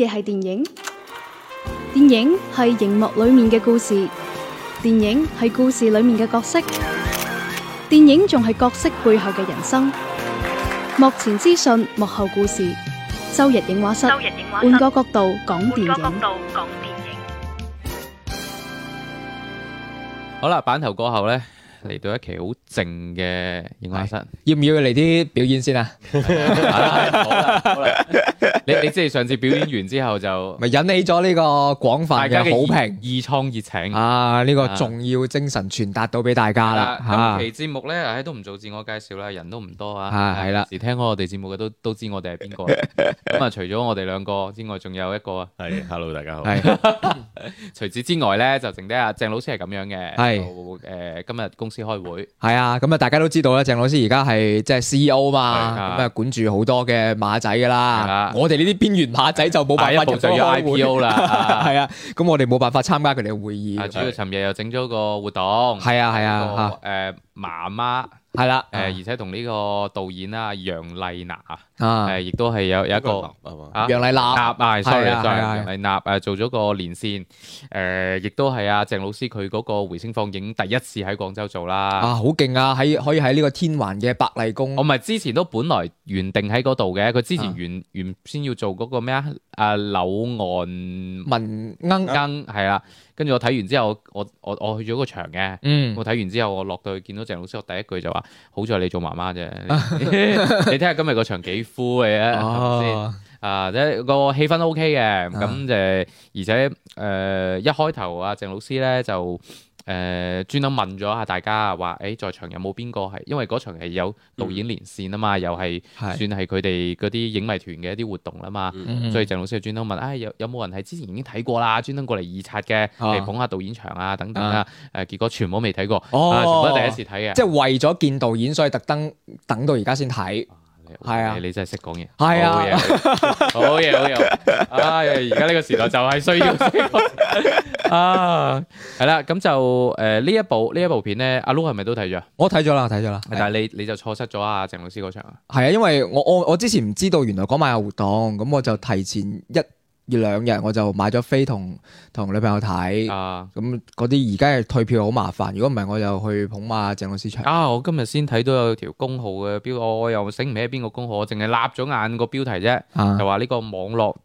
嘢係電影，電影係熒幕裏面嘅故事，電影係故事裏面嘅角色，電影仲係角色背後嘅人生。幕前資訊，幕後故事，周日影畫室，換個角度講電影。好啦，版頭過後呢。嚟到一期好靜嘅映畫室，要唔要嚟啲表演先啊？好啦，你你即係上次表演完之後就咪引起咗呢個廣泛嘅好評、熱衷熱情啊！呢個重要精神傳達到俾大家啦。今期節目咧，都唔做自我介紹啦，人都唔多啊。係係啦，平時聽開我哋節目嘅都都知我哋係邊個。咁啊，除咗我哋兩個之外，仲有一個啊。係，hello，大家好。係。除此之外咧，就剩低阿鄭老師係咁樣嘅。係。誒，今日公公司開會係啊，咁啊大家都知道啦，鄭老師而家係即係 CEO 嘛，咁啊管住好多嘅馬仔噶啦。我哋呢啲邊緣馬仔就冇辦法就要 IPO 啦。係啊，咁我哋冇辦法參加佢哋嘅會議。主要尋日又整咗個活動，係啊係啊，誒媽媽。係啦，誒、呃，而且同呢個導演啊，楊麗娜啊，誒，亦都係有有一個楊麗娜啊，sorry，就楊麗娜誒，做咗個連線，誒，亦都係啊，鄭、啊、老師佢嗰個回聲放映第一次喺廣州做啦，啊，好勁啊，喺可以喺呢個天環嘅百麗宮，我唔係之前都本來原定喺嗰度嘅，佢之前原、啊、原先要做嗰個咩啊，誒，柳浪聞鶯鶯係啦。跟住我睇完之後，我我我去咗個場嘅。嗯、我睇完之後，我落到去見到鄭老師，我第一句就話：好在你做媽媽啫， 你睇下今日個場幾 full 嘅，係咪先？啊，即、那、係個氣氛都 OK 嘅。咁就而且誒、呃，一開頭阿鄭老師呢就。誒，專登、呃、問咗下大家話，誒、欸、在場有冇邊個係，因為嗰場係有導演連線啊嘛，又係算係佢哋嗰啲影迷團嘅一啲活動啊嘛，嗯嗯、所以鄭老師就專登問，誒、哎、有有冇人係之前已經睇過啦，專登過嚟二刷嘅嚟捧下導演場啊等等啦、啊，誒、啊啊、結果全部都未睇過、哦啊，全部都第一次睇嘅、哦哦哦，即係為咗見導演，所以特登等到而家先睇。係是啊，你真係識講嘢，係是啊、哦，好嘢， 好嘢，唉，而家呢個時代就係需要 啊，啊，係啦，咁就誒呢一部呢一部片咧，阿 Luke 係咪都睇咗？我睇咗啦，睇咗啦，但係你你就錯失咗阿鄭老師嗰場啊？係啊，因為我我我之前唔知道原來嗰晚有活動，咁我就提前一要兩日，我就買咗飛同同女朋友睇，咁嗰啲而家係退票好麻煩。如果唔係，我就去捧馬鄭老師場啊！我今日先睇到有條公號嘅標，我又醒唔起邊個公號，我淨係立咗眼個標題啫，啊、就話呢個網絡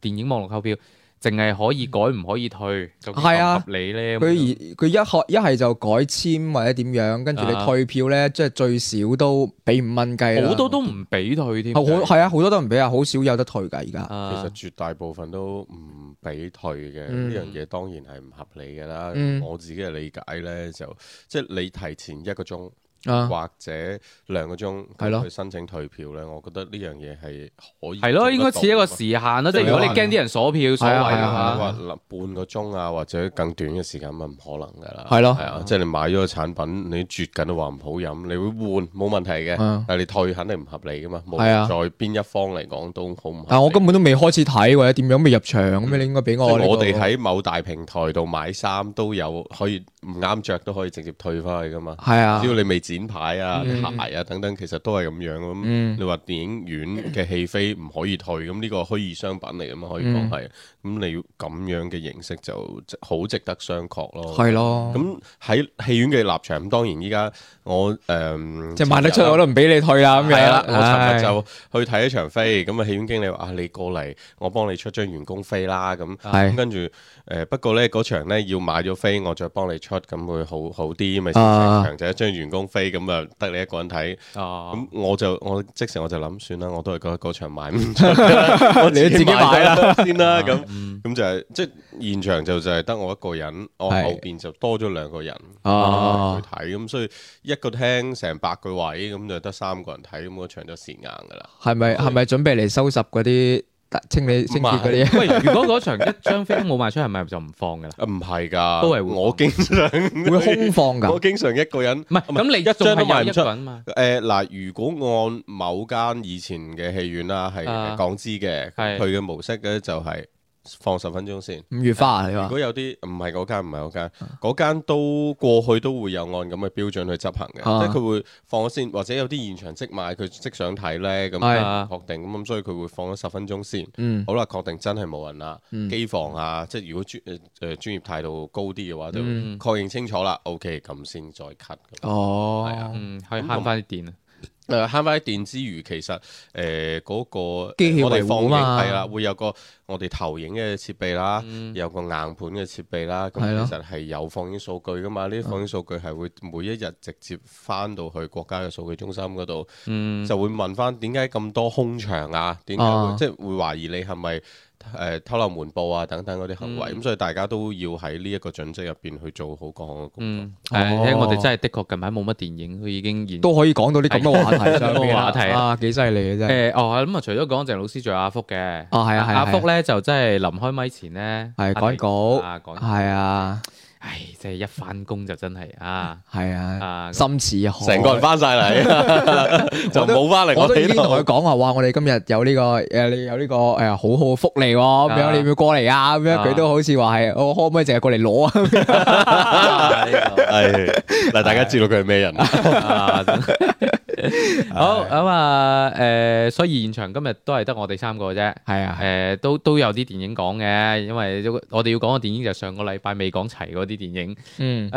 電影網絡購票。淨係可以改唔可以退，係啊，唔合理咧。佢而佢一可一係就改簽或者點樣，跟住你退票咧，啊、即係最少都俾五蚊雞。好多都唔俾退添，係好對啊，好多都唔俾啊，好少有得退噶而家。啊、其實絕大部分都唔俾退嘅，呢樣嘢當然係唔合理噶啦。嗯、我自己嘅理解咧，就即係、就是、你提前一個鐘。或者兩個鐘去申請退票咧，我覺得呢樣嘢係可以係咯，應該似一個時限咯。即係如果你驚啲人鎖票，係啊，或半個鐘啊，或者更短嘅時間，咪唔可能噶啦。係咯，係啊，即係你買咗個產品，你啜緊都話唔好飲，你會換冇問題嘅，但係你退肯定唔合理噶嘛。係在邊一方嚟講都好唔合理。但我根本都未開始睇或者點樣，未入場咁，你應該俾我。我哋喺某大平台度買衫都有可以唔啱着都可以直接退翻去噶嘛。係啊，只要你未展牌啊，啲鞋啊，等等，其實都係咁樣咁。你話電影院嘅戲飛唔可以退，咁呢個虛擬商品嚟㗎嘛，可以講係。咁你咁樣嘅形式就好值得商榷咯。係咯。咁喺戲院嘅立場，咁當然依家我誒，即係賣得出我都唔俾你退啊。咁樣。我尋日就去睇一場飛，咁啊戲院經理話：啊，你過嚟，我幫你出張員工飛啦。咁，咁跟住誒，不過咧嗰場咧要買咗飛，我再幫你出，咁會好好啲咪成場就一張員工飛。咁啊，得你一個人睇，咁、啊、我就我即時我就諗算啦，我都係覺得嗰場買唔 我你自己買啦先啦，咁咁 就係、是、即係現場就就係得我一個人，是我後邊就多咗兩個人、啊、去睇，咁所以一個廳成百個位，咁就得三個人睇，咁我場都蝕硬噶啦，係咪係咪準備嚟收拾嗰啲？清理清潔嗰啲，喂， 如果嗰場一張飛都冇賣出係咪就唔放㗎啦？唔係㗎，都係我經常會，會空放㗎。 我經常一個人，唔係咁你一張都賣唔出。誒嗱、嗯，如果按某間以前嘅戲院啦，係港資嘅，佢嘅、啊、模式咧就係、係。放十分鐘先，五月花係如果有啲唔係嗰間，唔係嗰間，嗰間都過去都會有按咁嘅標準去執行嘅，即係佢會放咗先，或者有啲現場即買，佢即想睇咧，咁確定咁，所以佢會放咗十分鐘先。好啦，確定真係冇人啦，機房啊，即係如果專誒誒專業態度高啲嘅話，就確認清楚啦。OK，咁先再 cut。哦，係啊，可以慳翻啲電誒慳翻電之餘，其實誒嗰、呃那個機器、我哋放映係、啊、啦，會有個我哋投影嘅設備啦，嗯、有個硬盤嘅設備啦，咁其實係有放映數據噶嘛。呢啲放映數據係會每一日直接翻到去國家嘅數據中心嗰度，嗯、就會問翻點解咁多空場啊？點解會、啊、即係會懷疑你係咪？誒、呃、偷漏門報啊等等嗰啲行為，咁、嗯、所以大家都要喺呢一個準則入邊去做好各項嘅工作。係、嗯，我哋真係的確近排冇乜電影，佢已經都可以講到啲咁嘅話題上，上個話題啊，幾犀利嘅啫。係。誒，哦咁啊，除咗講鄭老師，仲有阿福嘅。哦，係啊，係阿福咧，就真係臨開咪前咧，係改稿，係啊。唉，即係一翻工就真係啊，係啊，啊心似一成個人翻晒嚟，就冇翻嚟。我都已經同佢講話，話、呢個！我哋今日有呢個你有呢、呢個誒、啊啊、好好嘅福利咁、啊、樣，你要唔要過嚟啊？咁樣佢都好似話係，我可唔可以淨係過嚟攞 啊？係，嗱， 大家知道佢係咩人啦、 啊。 好咁、嗯、啊，誒、呃，所以現場今日都係得我哋三個啫。係啊，誒、呃，都都有啲電影講嘅，因為我哋要講嘅電影就上個禮拜未講齊嗰啲電影。嗯，誒、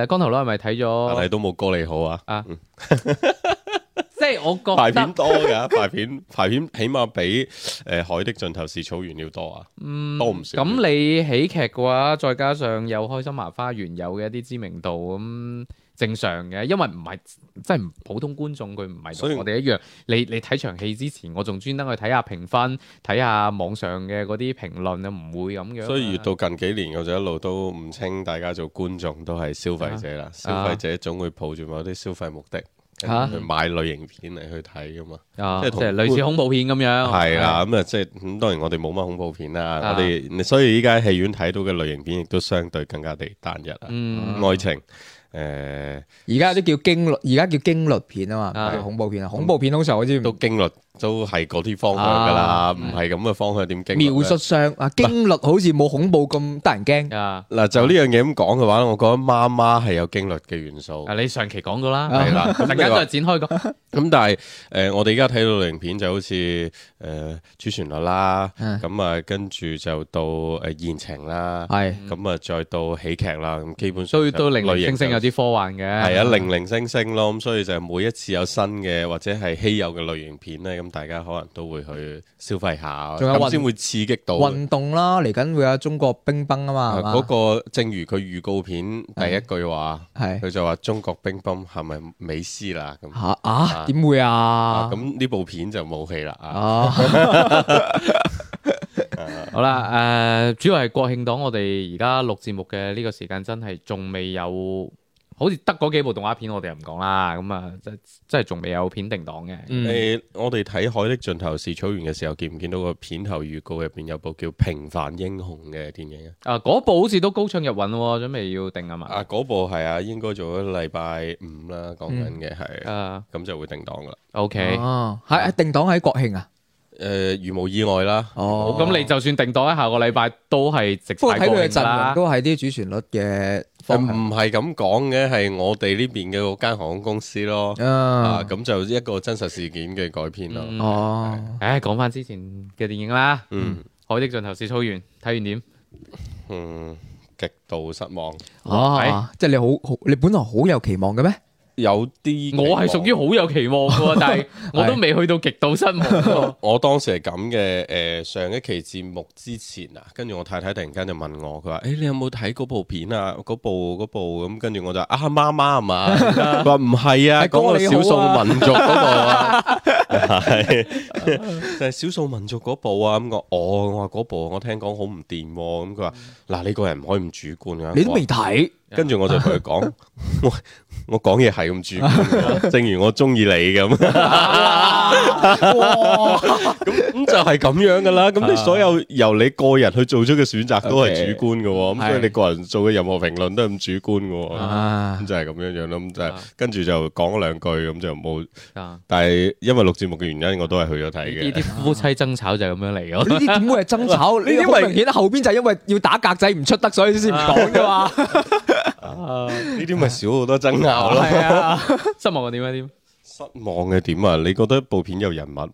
呃，光頭佬係咪睇咗？啊、都冇過你好啊。啊，即係我覺得排片多噶，排片 排片起碼比誒、呃《海的盡頭是草原》要多啊。嗯，多唔少。咁、嗯、你喜劇嘅話，再加上有《開心麻花》原有嘅一啲知名度咁。正常嘅，因為唔係即係普通觀眾，佢唔係所以我哋一樣。你你睇場戲之前，我仲專登去睇下評分，睇下網上嘅嗰啲評論，唔會咁樣。所以越到近幾年，我就一路都唔稱大家做觀眾都係消費者啦。消費者總會抱住某啲消費目的去買類型片嚟去睇噶嘛，即係類似恐怖片咁樣。係啊，咁啊，即係咁。當然我哋冇乜恐怖片啦。我哋所以依家戲院睇到嘅類型片亦都相對更加地單一啦，愛情。誒，而家啲叫驚慄，而家叫驚慄片啊嘛，嗯，唔係恐怖片啊，恐怖片好少，我知，都驚慄。都係嗰啲方向噶啦，唔係咁嘅方向點驚慄？描述上啊，驚慄好似冇恐怖咁得人驚。嗱，就呢樣嘢咁講嘅話，我覺得媽媽係有驚慄嘅元素。啊，你上期講過啦，係啦，大家再展開講。咁但係誒，我哋而家睇到類型片就好似誒主旋律啦，咁啊跟住就到誒言情啦，係，咁啊再到喜劇啦，咁基本上都都零零星星有啲科幻嘅，係啊，零零星星咯，咁所以就每一次有新嘅或者係稀有嘅類型片咧咁。大家可能都會去消費下，仲有咁先會刺激到運動啦。嚟緊會有中國乒乓啊嘛，嗰個正如佢預告片第一句話，係佢就話中國乒乓係咪美斯啦咁。吓吓，點會啊？咁呢部片就冇戲啦。啊，好啦，誒，主要係國慶檔，我哋而家錄節目嘅呢個時間真係仲未有。好似得嗰幾部動畫片，我哋又唔講啦。咁啊，即即係仲未有片定檔嘅。誒、嗯，我哋睇《海的盡頭是草原》嘅時候，見唔見到個片頭預告入邊有部叫《平凡英雄》嘅電影啊？啊，嗰部好似都高唱入雲喎，準備要定啊嘛？啊，嗰部係啊，應該做咗禮拜五啦，講緊嘅係啊，咁就會定檔噶啦。OK，哦，係、啊、定檔喺國慶啊。誒，如無意外啦，哦，咁你就算定檔喺下個禮拜都係值睇嘅啦。都係啲主旋律嘅，唔係咁講嘅，係我哋呢邊嘅嗰間航空公司咯。啊，咁就一個真實事件嘅改編咯。哦，誒，講翻之前嘅電影啦。嗯，《海的盡頭是草原》，睇完點？嗯，極度失望。哇，即係你好好，你本來好有期望嘅咩？有啲，我係屬於好有期望嘅， 但係我都未去到極度失望。 我當時係咁嘅，誒、呃、上一期節目之前啊，跟住我太太突然間就問我，佢話：誒、hey, 你有冇睇嗰部片啊？嗰部嗰部咁，跟住我就：啊、ah, 媽媽啊嘛，佢話唔係啊，講個少、啊、 數民族嗰部啊，係 就係少數民族嗰部啊，咁我，哦，我話嗰部我聽講好唔掂，咁佢話：嗱你個人唔可以唔主觀㗎、啊，你都未睇。 跟住我就同佢講，我我講嘢係咁主觀，正如我中意你咁。咁咁就係咁樣噶啦。咁你所有由你個人去做出嘅選擇都係主觀嘅喎。咁所以你個人做嘅任何評論都係咁主觀嘅喎。咁就係咁樣樣咯。咁就係跟住就講咗兩句，咁就冇。但係因為錄節目嘅原因，我都係去咗睇嘅。呢啲夫妻爭吵就係咁樣嚟嘅。呢啲點會係爭吵？呢啲好明顯後邊就係因為要打格仔唔出得，所以先唔講嘅嘛。呢啲咪少好多爭拗咯。啊、 失望嘅點啊？點？失望嘅點啊？你覺得部片有人物？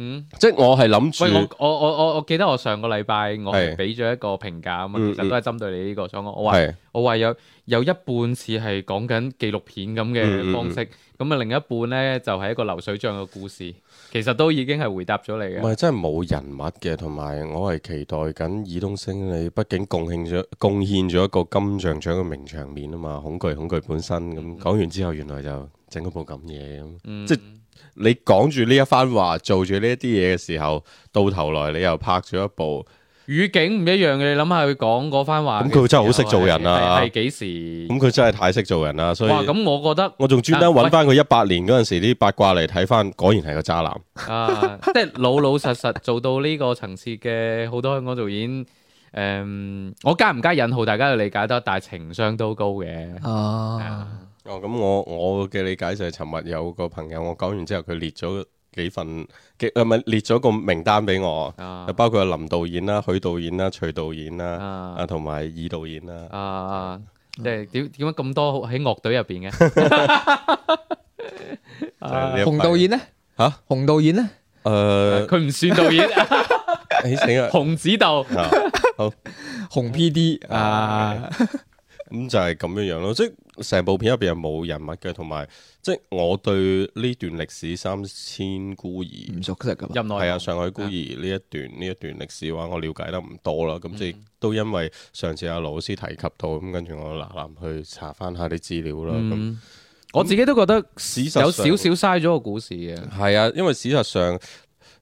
嗯，即係我係諗住。喂，我我我我，我記得我上個禮拜我係俾咗一個評價啊，其實都係針對你呢個所，所以我我話我話有有一半似係講緊紀錄片咁嘅方式，咁啊、嗯嗯嗯、另一半咧就係一個流水賬嘅故事。其實都已經係回答咗你嘅，唔係真係冇人物嘅，同埋我係期待緊爾冬升你畢，畢竟貢獻咗貢獻咗一個金像獎嘅名場面啊嘛，恐懼恐懼本身咁講完之後，原來就整一部咁嘢咁。嗯、即你講住呢一番話，做住呢一啲嘢嘅時候，到頭來你又拍咗一部。語境唔一樣嘅，你諗下佢講嗰番話。咁佢真係好識做人啊。係幾時？咁佢真係太識做人啦，啊，所以。哇！咁我覺得。我仲專登揾翻佢一八年嗰陣時啲、啊、八卦嚟睇翻，果然係個渣男。啊！即係老老實實 做到呢個層次嘅好多香港導演，誒、嗯，我加唔加引號，大家又理解得，但係情商都高嘅。哦。哦，咁我我嘅理解就係尋日有個朋友，我講完之後佢列咗幾份嘅，唔係列咗個名單俾我，就包括阿林導演啦、許導演啦、徐導演啦，啊，同埋二導演啦，啊，即係點點解咁多喺樂隊入邊嘅？洪導演咧，吓？洪導演咧？誒，佢唔算導演，你請啊，洪指導，好，洪 P D 啊，咁就係咁樣樣咯，即。成部片入邊係冇人物嘅，同埋即係我對呢段歷史三千孤兒唔熟悉，嘅，係啊，上海孤兒呢一段呢，嗯，一段歷史嘅話，我了解得唔多啦。咁即係都因為上次阿羅老師提及到，咁跟住我嗱嗱去查翻下啲資料啦。咁，嗯、那我自己都覺得那史實上有少少嘥咗個故事嘅。係啊，因為事實上，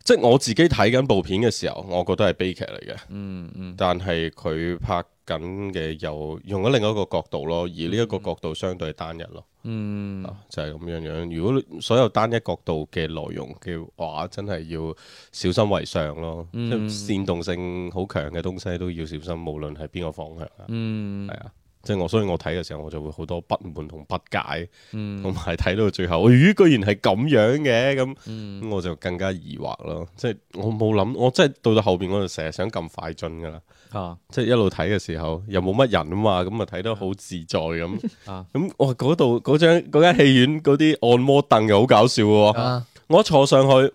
即係我自己睇緊部片嘅時候，我覺得係悲劇嚟嘅。嗯嗯，但係佢拍。緊嘅又用咗另外一個角度咯，而呢一個角度相對單一咯，嗯，啊、就係咁樣樣。如果所有單一角度嘅內容嘅話，真係要小心為上咯，嗯、即係煽動性好強嘅東西都要小心，無論係邊個方向啊，係、嗯、啊。即係我，所以我睇嘅時候，我就會好多不滿同不解，嗯，同埋睇到最後，咦、哎，居然係咁樣嘅，咁，嗯、咁我就更加疑惑咯。即係我冇諗，我即係到到後邊，我就成日想咁快進噶啦，啊、即係一路睇嘅時候，又冇乜人啊嘛，咁啊睇得好自在咁，咁我嗰度嗰張嗰間戲院嗰啲按摩凳又好搞笑嘅，啊、我一坐上去。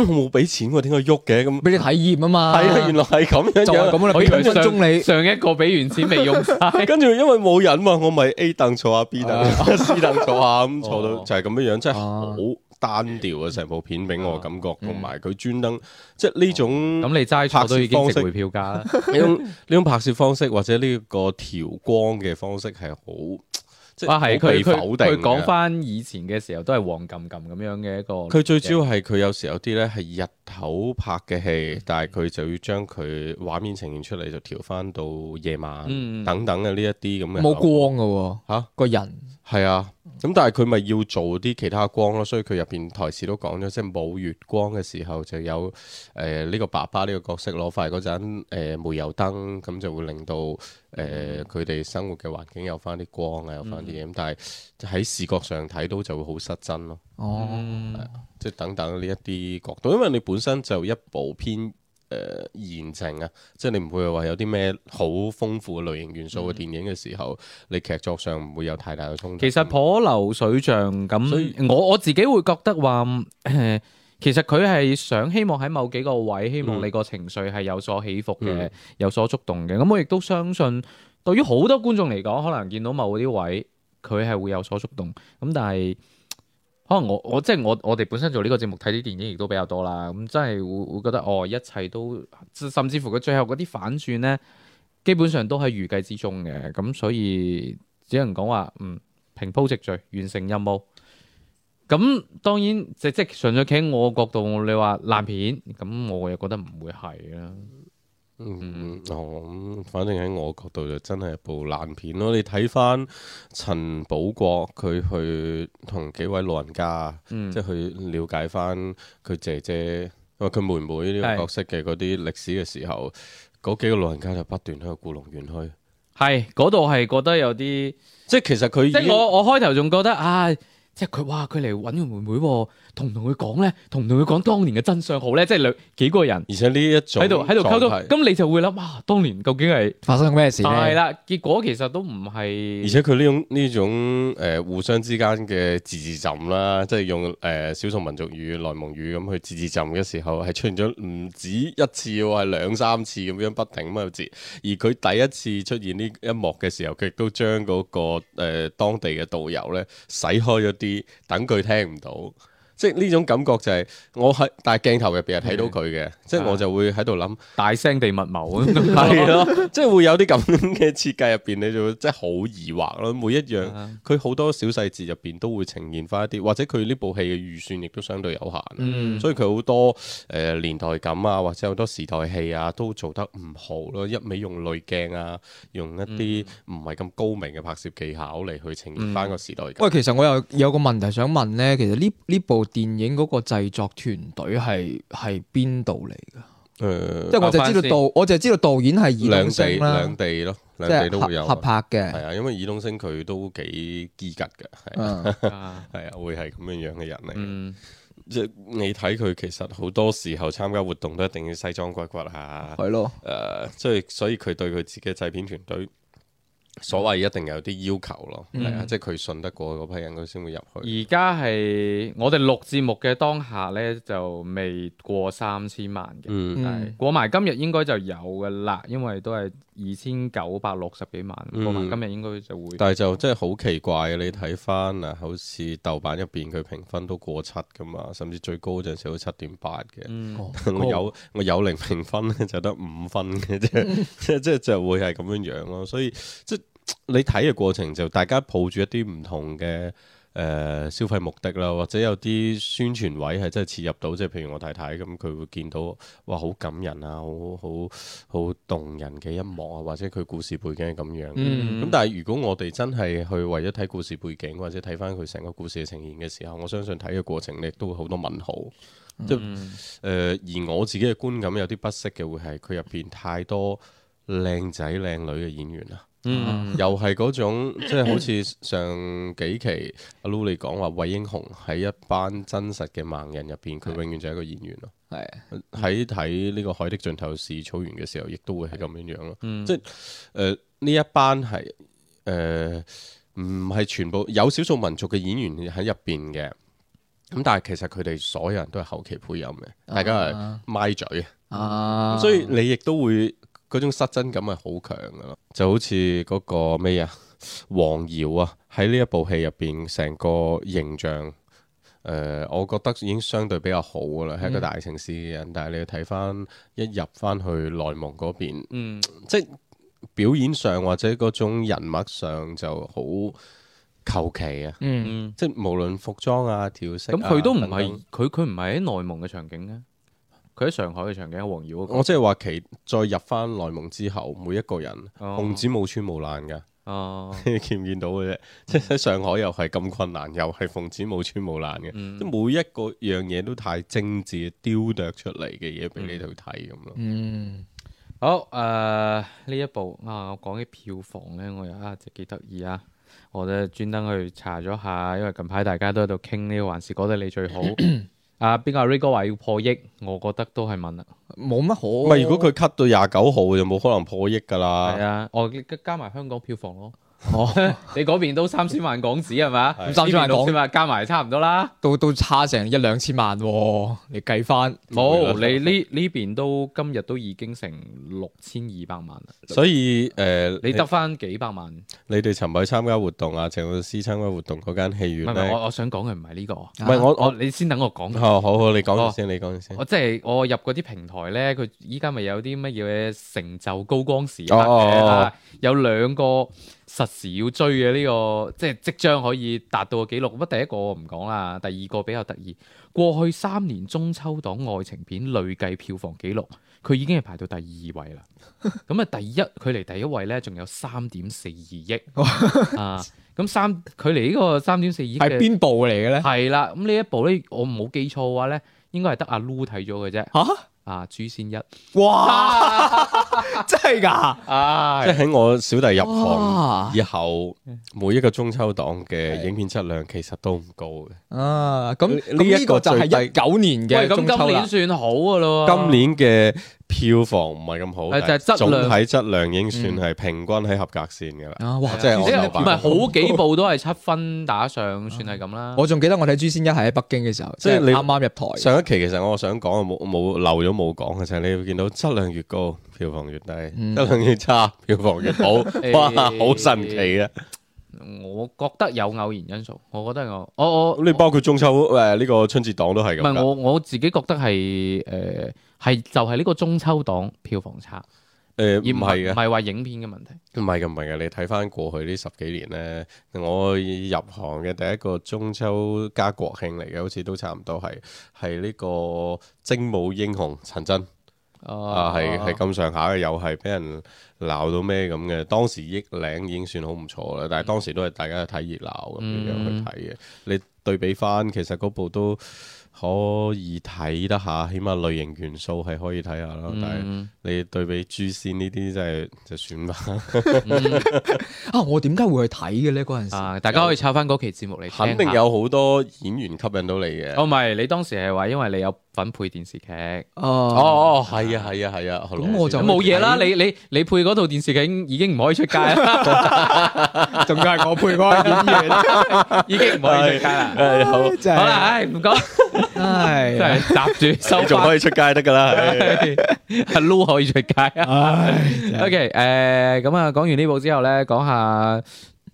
我冇俾錢，我點解喐嘅咁？俾你體驗啊嘛。係啊，原來係咁樣樣。就係咁樣啦。我上上一個俾完錢未用。跟住因為冇人嘛，我咪 A 凳坐下，B 凳，C 凳坐下咁坐到就係咁樣樣，真係好單調嘅成部片俾我感覺。同埋佢專登，即係呢種咁你齋坐都已經值回票價啦。呢種呢種拍攝方式或者呢個調光嘅方式係好。即哇，係佢佢佢講翻以前嘅時候都係黃黚黚咁樣嘅一個。佢最主要係佢有時有啲咧係日頭拍嘅戲，嗯、但係佢就要將佢畫面呈現出嚟就調翻到夜晚等等嘅呢一啲咁嘅。冇、嗯、光噶嚇、啊，啊、個人係啊。咁、嗯、但係佢咪要做啲其他光咯，所以佢入邊台詞都講咗，即係冇月光嘅時候就有誒呢、呃呢個爸爸呢個角色攞塊嗰盞誒煤油燈，咁就會令到誒佢哋生活嘅環境有翻啲光啊，有翻啲嘢，咁、嗯、但係喺視覺上睇到就會好失真咯。哦、嗯，即係等等呢一啲角度，因為你本身就一部片。誒，言情啊，即係你唔會話有啲咩好豐富嘅類型元素嘅電影嘅時候，嗯、你劇作上唔會有太大嘅衝擊。其實頗流水賬咁，以我我自己會覺得話，誒、呃，其實佢係想希望喺某幾個位，希望你個情緒係有所起伏嘅，嗯、有所觸動嘅。咁我亦都相信，對於好多觀眾嚟講，可能見到某啲位，佢係會有所觸動。咁但係。可能我我即係我我哋本身做呢個節目睇啲電影亦都比較多啦，咁、嗯、真係會會覺得哦，一切都甚至乎佢最後嗰啲反轉呢，基本上都喺預計之中嘅，咁、嗯、所以只能講話嗯平鋪直敘完成任務。咁、嗯、當然即即係純粹企喺我角度，你話爛片，咁、嗯、我又覺得唔會係啦。嗯，我、哦、咁，反正喺我角度就真係部爛片咯。你睇翻陳寶國佢去同幾位老人家，嗯、即係去了解翻佢姐姐，因為佢妹妹呢個角色嘅嗰啲歷史嘅時候，嗰是幾個老人家就不斷喺度故弄玄虛。係，嗰度係覺得有啲，即係其實佢。即係我，我開頭仲覺得啊，即係佢哇，佢嚟揾妹妹喎、啊。同唔同佢講呢？同唔同佢講當年嘅真相好呢？即係兩幾個人，而且呢一種喺度喺度溝通，咁你就會諗：哇，當年究竟係發生咩事呢？係啦、啊，結果其實都唔係。而且佢呢種呢種誒、呃，互相之間嘅自字浸啦，即係用誒少、呃、數民族語、內蒙語咁去自字浸嘅時候，係出現咗唔止一次，話係兩三次咁樣不停咁嘅字。而佢第一次出現呢一幕嘅時候，佢亦都將嗰、那個誒、呃、當地嘅導遊呢洗開咗啲，等佢聽唔到。即係呢種感覺就係我喺但係鏡頭入邊係睇到佢嘅，的即係我就會喺度諗大聲地密謀啊，係咯，即係會有啲咁嘅設計入邊，你就會即係好疑惑咯。每一樣佢好的多小細節入邊都會呈現翻一啲，或者佢呢部戲嘅預算亦都相對有限，嗯、所以佢好多誒年、呃、代感啊，或者好多時代戲啊都做得唔好咯。一味用濾鏡啊，用一啲唔係咁高明嘅拍攝技巧嚟去呈現翻個時代、嗯。喂，其實我又有個問題想問咧，其實呢呢部。電影嗰個製作團隊係係邊度嚟嘅？誒，呃、即係我就知道導，說我就知道導演係爾冬陞啦。兩地兩地咯，地即係是合合拍嘅。係啊，因為爾冬陞佢都幾堅格嘅，係啊，係啊、嗯，會係咁樣樣嘅人嚟，即係你睇佢，其實好多時候參加活動都一定要西裝骨骨下、啊。係咯，誒、呃，所以所以佢對佢自己製片團隊。所謂一定有啲要求咯，係啊、嗯，即係佢信得過嗰批人，佢先會入去。而家係我哋錄節目嘅當下咧，就未過三千萬嘅，但係過埋今日應該就有㗎喇，因為都係。二千九百六十幾萬，嗯、今日應該就會。但係就真係好奇怪你睇翻啊，好似豆瓣入邊佢評分都過七噶嘛，甚至最高嗰陣時都七點八嘅。但我有我有零評分咧，就得五分嘅，即係即係即係就會係咁樣樣咯。所以即係你睇嘅過程就大家抱住一啲唔同嘅。誒消費目的啦，或者有啲宣傳位係真係切入到，即係譬如我太太咁，佢會見到哇，好感人啊，好好好動人嘅一幕啊，或者佢故事背景係咁樣。咁但係如果我哋真係去為咗睇故事背景，或者睇翻佢成個故事嘅呈現嘅時候，我相信睇嘅過程咧都會好多問號。即係誒，而我自己嘅觀感有啲不適嘅，會係佢入邊太多靚仔靚女嘅演員啦。嗯，又係嗰種 即係好似上幾期阿 Lulu 講話，韋英雄喺一班真實嘅盲人入邊，佢永遠就係一個演員咯。係喺睇呢個《海的盡頭是草原》嘅時候，亦都會係咁樣樣咯。嗯、即係誒呢一班係誒唔係全部有少數民族嘅演員喺入邊嘅，咁但係其實佢哋所有人都係後期配音嘅，大家係咪嘴啊，所以你亦都會。啊啊嗰種失真感係好強噶咯，就好似嗰個咩啊王瑤啊喺呢一部戲入邊，成個形象，誒、呃，我覺得已經相對比較好噶啦，係一個大城市嘅人，嗯、但係你要睇翻一入翻去內蒙嗰邊，嗯，即係表演上或者嗰種人物上就好求其啊，嗯、嗯，即係無論服裝啊、調色啊，咁佢都唔係佢佢唔係喺內蒙嘅場景啊。佢喺上海嘅場景黃，黃瑤我即係話其再入翻內蒙之後，每一個人奉、哦、旨冇穿冇爛嘅，見唔見到嘅啫？即喺上海又係咁困難，又係奉旨冇穿冇爛嘅，即、嗯、每一個樣嘢都太精致雕琢出嚟嘅嘢俾你去睇咁咯。嗯，樣嗯好誒，呃一哦、一呢一部啊，我講起票房咧，我又啊，即幾得意啊，我咧專登去查咗下，因為近排大家都喺度傾呢個，還是覺得你最好。 啊！邊個阿 Ray 哥話要破億，我覺得都係問啦，冇乜可能。唔係，如果佢 cut 到廿九號，就冇可能破億㗎啦。係啊，我加埋香港票房咯。哦，你嗰邊都三千萬港紙係嘛？三千萬港紙嘛，加埋差唔多啦，都都差成一兩千萬。你計翻冇，你呢呢邊都今日都已經成六千二百萬。所以誒，你得翻幾百萬？你哋尋日參加活動啊，陳老師參加活動嗰間戲院咧。我我想講嘅唔係呢個，唔係我我你先等我講。好好，你講先，你講先。我即係我入嗰啲平台咧，佢依家咪有啲乜嘢成就高光時刻有兩個。實時要追嘅呢個即係即，即將可以達到嘅紀錄。乜第一個我唔講啦，第二個比較得意。過去三年中秋檔愛情片累計票房紀錄，佢已經係排到第二位啦。咁啊，第一佢離第一位咧，仲有三點四二億 啊。咁三佢離呢個三點四二億係邊部嚟嘅咧？係啦，咁呢一部咧，部我冇記錯嘅話咧，應該係得阿 Lu 睇咗嘅啫。嚇！ 啊！《誅仙一》哇，真係噶！ 即係喺我小弟入行以後，哇每一個中秋檔嘅影片質量其實都唔高嘅。啊，咁呢一個就係19年嘅中秋啦。咁今年算好噶咯，啊。 今年嘅。票房唔係咁好，但就係質量，總體質量已經算係平均喺合格線嘅啦、嗯啊。哇！即係唔係好幾部都係七分打上，啊、算係咁啦。我仲記得我睇《朱仙一》係喺北京嘅時候，即係你啱啱入台。上一期其實我想講，冇冇漏咗冇講嘅就係你會見到質量越高，票房越低，嗯、質量越差，票房越好。 哇！好神奇啊！我覺得有偶然因素，我覺得我我我，我我你包括中秋誒，呢我個春節檔都係咁。唔係我我自己覺得係誒係就係、是、呢個中秋檔票房差誒，而唔係唔係話影片嘅問題。唔係嘅。唔係嘅。你睇返過去呢十幾年咧，我入行嘅第一個中秋加國慶嚟嘅，好似都差唔多係係呢個精武英雄陳真。哦、啊，係係咁上下嘅，又係俾人鬧到咩咁嘅？當時益領已經算好唔錯啦，但係當時都係大家去睇熱鬧咁樣，嗯、去睇嘅。你對比翻，其實嗰部都，可以睇得下，起碼類型元素係可以睇下啦。但係你對比誅仙呢啲，真係就算啦。啊，我點解會去睇嘅咧？嗰陣時，大家可以抄翻嗰期節目嚟聽。肯定有好多演員吸引到你嘅。哦，唔係，你當時係話，因為你有份配電視劇。哦，哦，係啊，係啊，係啊。咁我就冇嘢啦。你你你配嗰套電視劇已經唔可以出街啦。仲梗係我配嗰個演員已經唔可以出街啦。誒，好，好啦，唔該。係真係搭住收仲 可以出街得噶啦，阿 Lo 可以出街啊！OK，誒，咁啊，講完呢部之後咧，講下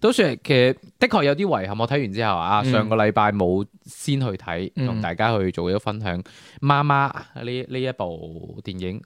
都算，其實的確有啲遺憾。我睇完之後啊，上個禮拜冇先去睇，同大家去做咗分享媽媽《媽媽》呢呢一部電影。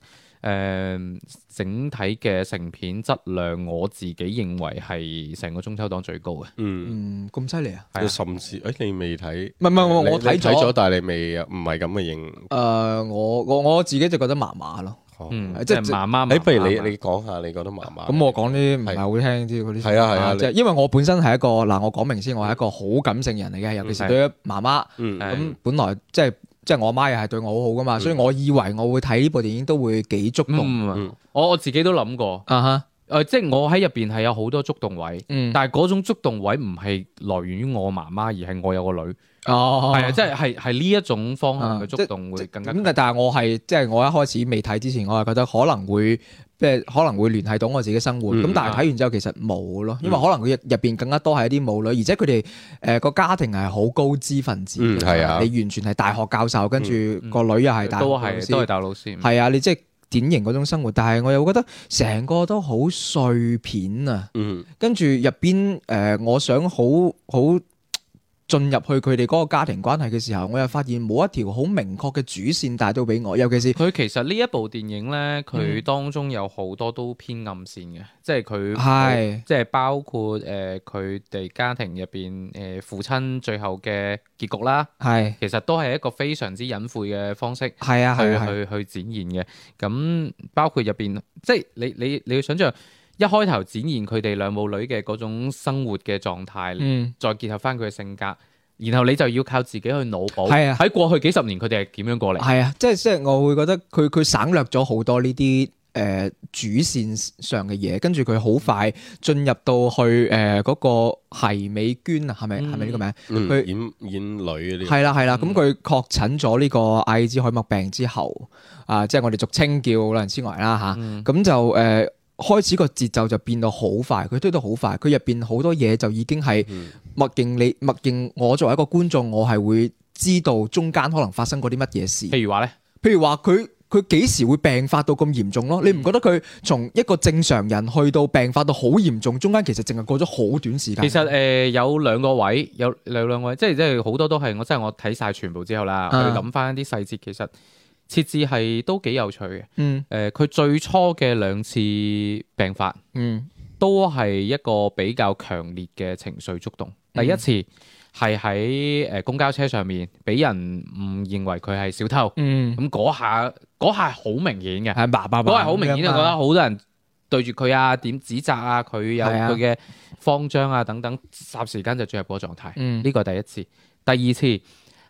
誒，整體嘅成片質量，我自己認為係成個中秋檔最高嘅。嗯，咁犀利啊！甚至誒，你未睇？唔係唔係唔係，我睇咗，但係你未唔係咁嘅認。誒，我我我自己就覺得麻麻咯。嗯，即係麻麻。你不如你你講下你覺得麻麻？咁我講啲唔係好聽啲嗰啲。係啊係啊，即係因為我本身係一個嗱，我講明先，我係一個好感性人嚟嘅，尤其是對媽媽。咁本來即係。即係我媽又係對我好好㗎嘛，所以我以為我會睇呢部電影都會幾觸動。我、嗯、我自己都諗過啊嚇，誒、uh huh. 呃、即係我喺入邊係有好多觸動位，嗯、但係嗰種觸動位唔係來源於我媽媽，而係我有個女。哦，係啊，即係係係呢一種方向去觸動會更加咁、嗯，但係我係即係我一開始未睇之前，我係覺得可能會即係可能會聯繫到我自己生活。咁、嗯、但係睇完之後其實冇咯，因為可能佢入入邊更加多係一啲母女，而且佢哋誒個家庭係好高知分子，係、嗯、啊，你完全係大學教授，跟住個女又係都係都係大老師，係、嗯嗯嗯、啊，你即係典型嗰種生活。但係我又覺得成個都好碎片啊，跟住入邊誒，我想好好，進入去佢哋嗰個家庭關係嘅時候，我又發現冇一條好明確嘅主線帶到俾我。尤其是佢其實呢一部電影呢，佢當中有好多都偏暗線嘅，嗯、即係佢，是即係包括誒佢哋家庭入邊誒父親最後嘅結局啦，係是其實都係一個非常之隱晦嘅方式，係啊，去啊去去展現嘅。咁包括入邊，即係你你你要想象。一開頭展現佢哋兩母女嘅嗰種生活嘅狀態，再結合翻佢嘅性格，然後你就要靠自己去腦補。係啊，喺過去幾十年佢哋係點樣過嚟？係啊，即係即係我會覺得佢佢省略咗好多呢啲誒主線上嘅嘢，跟住佢好快進入到去誒嗰個奚美娟啊，係咪係咪呢個名？佢演演女呢個係啦係啦，咁佢確診咗呢個阿茲海默病之後啊，即係我哋俗稱叫老人痴呆啦吓，咁就誒。開始個節奏就變到好快，佢推得好快，佢入邊好多嘢，就已經係默認你默認。我作為一個觀眾，我係會知道中間可能發生過啲乜嘢事。譬如話咧，譬如話佢佢幾時會病發到咁嚴重咯？嗯、你唔覺得佢從一個正常人去到病發到好嚴重，中間其實淨係過咗好短時間。其實誒，有兩個位有兩兩位，即係即係好多都係我真係我睇晒全部之後啦，諗翻一啲細節，其實。設置係都幾有趣嘅，誒佢、嗯呃、最初嘅兩次病發，嗯、都係一個比較強烈嘅情緒觸動。第一次係喺誒公交車上面，俾人誤認為佢係小偷，咁嗰、嗯嗯、下下係好明顯嘅，嗰係好明顯，覺得好多人對住佢啊，點指責啊，佢有佢嘅、啊、慌張啊等等，霎時間就進入嗰個狀態。呢個、嗯、係第一次，第二次。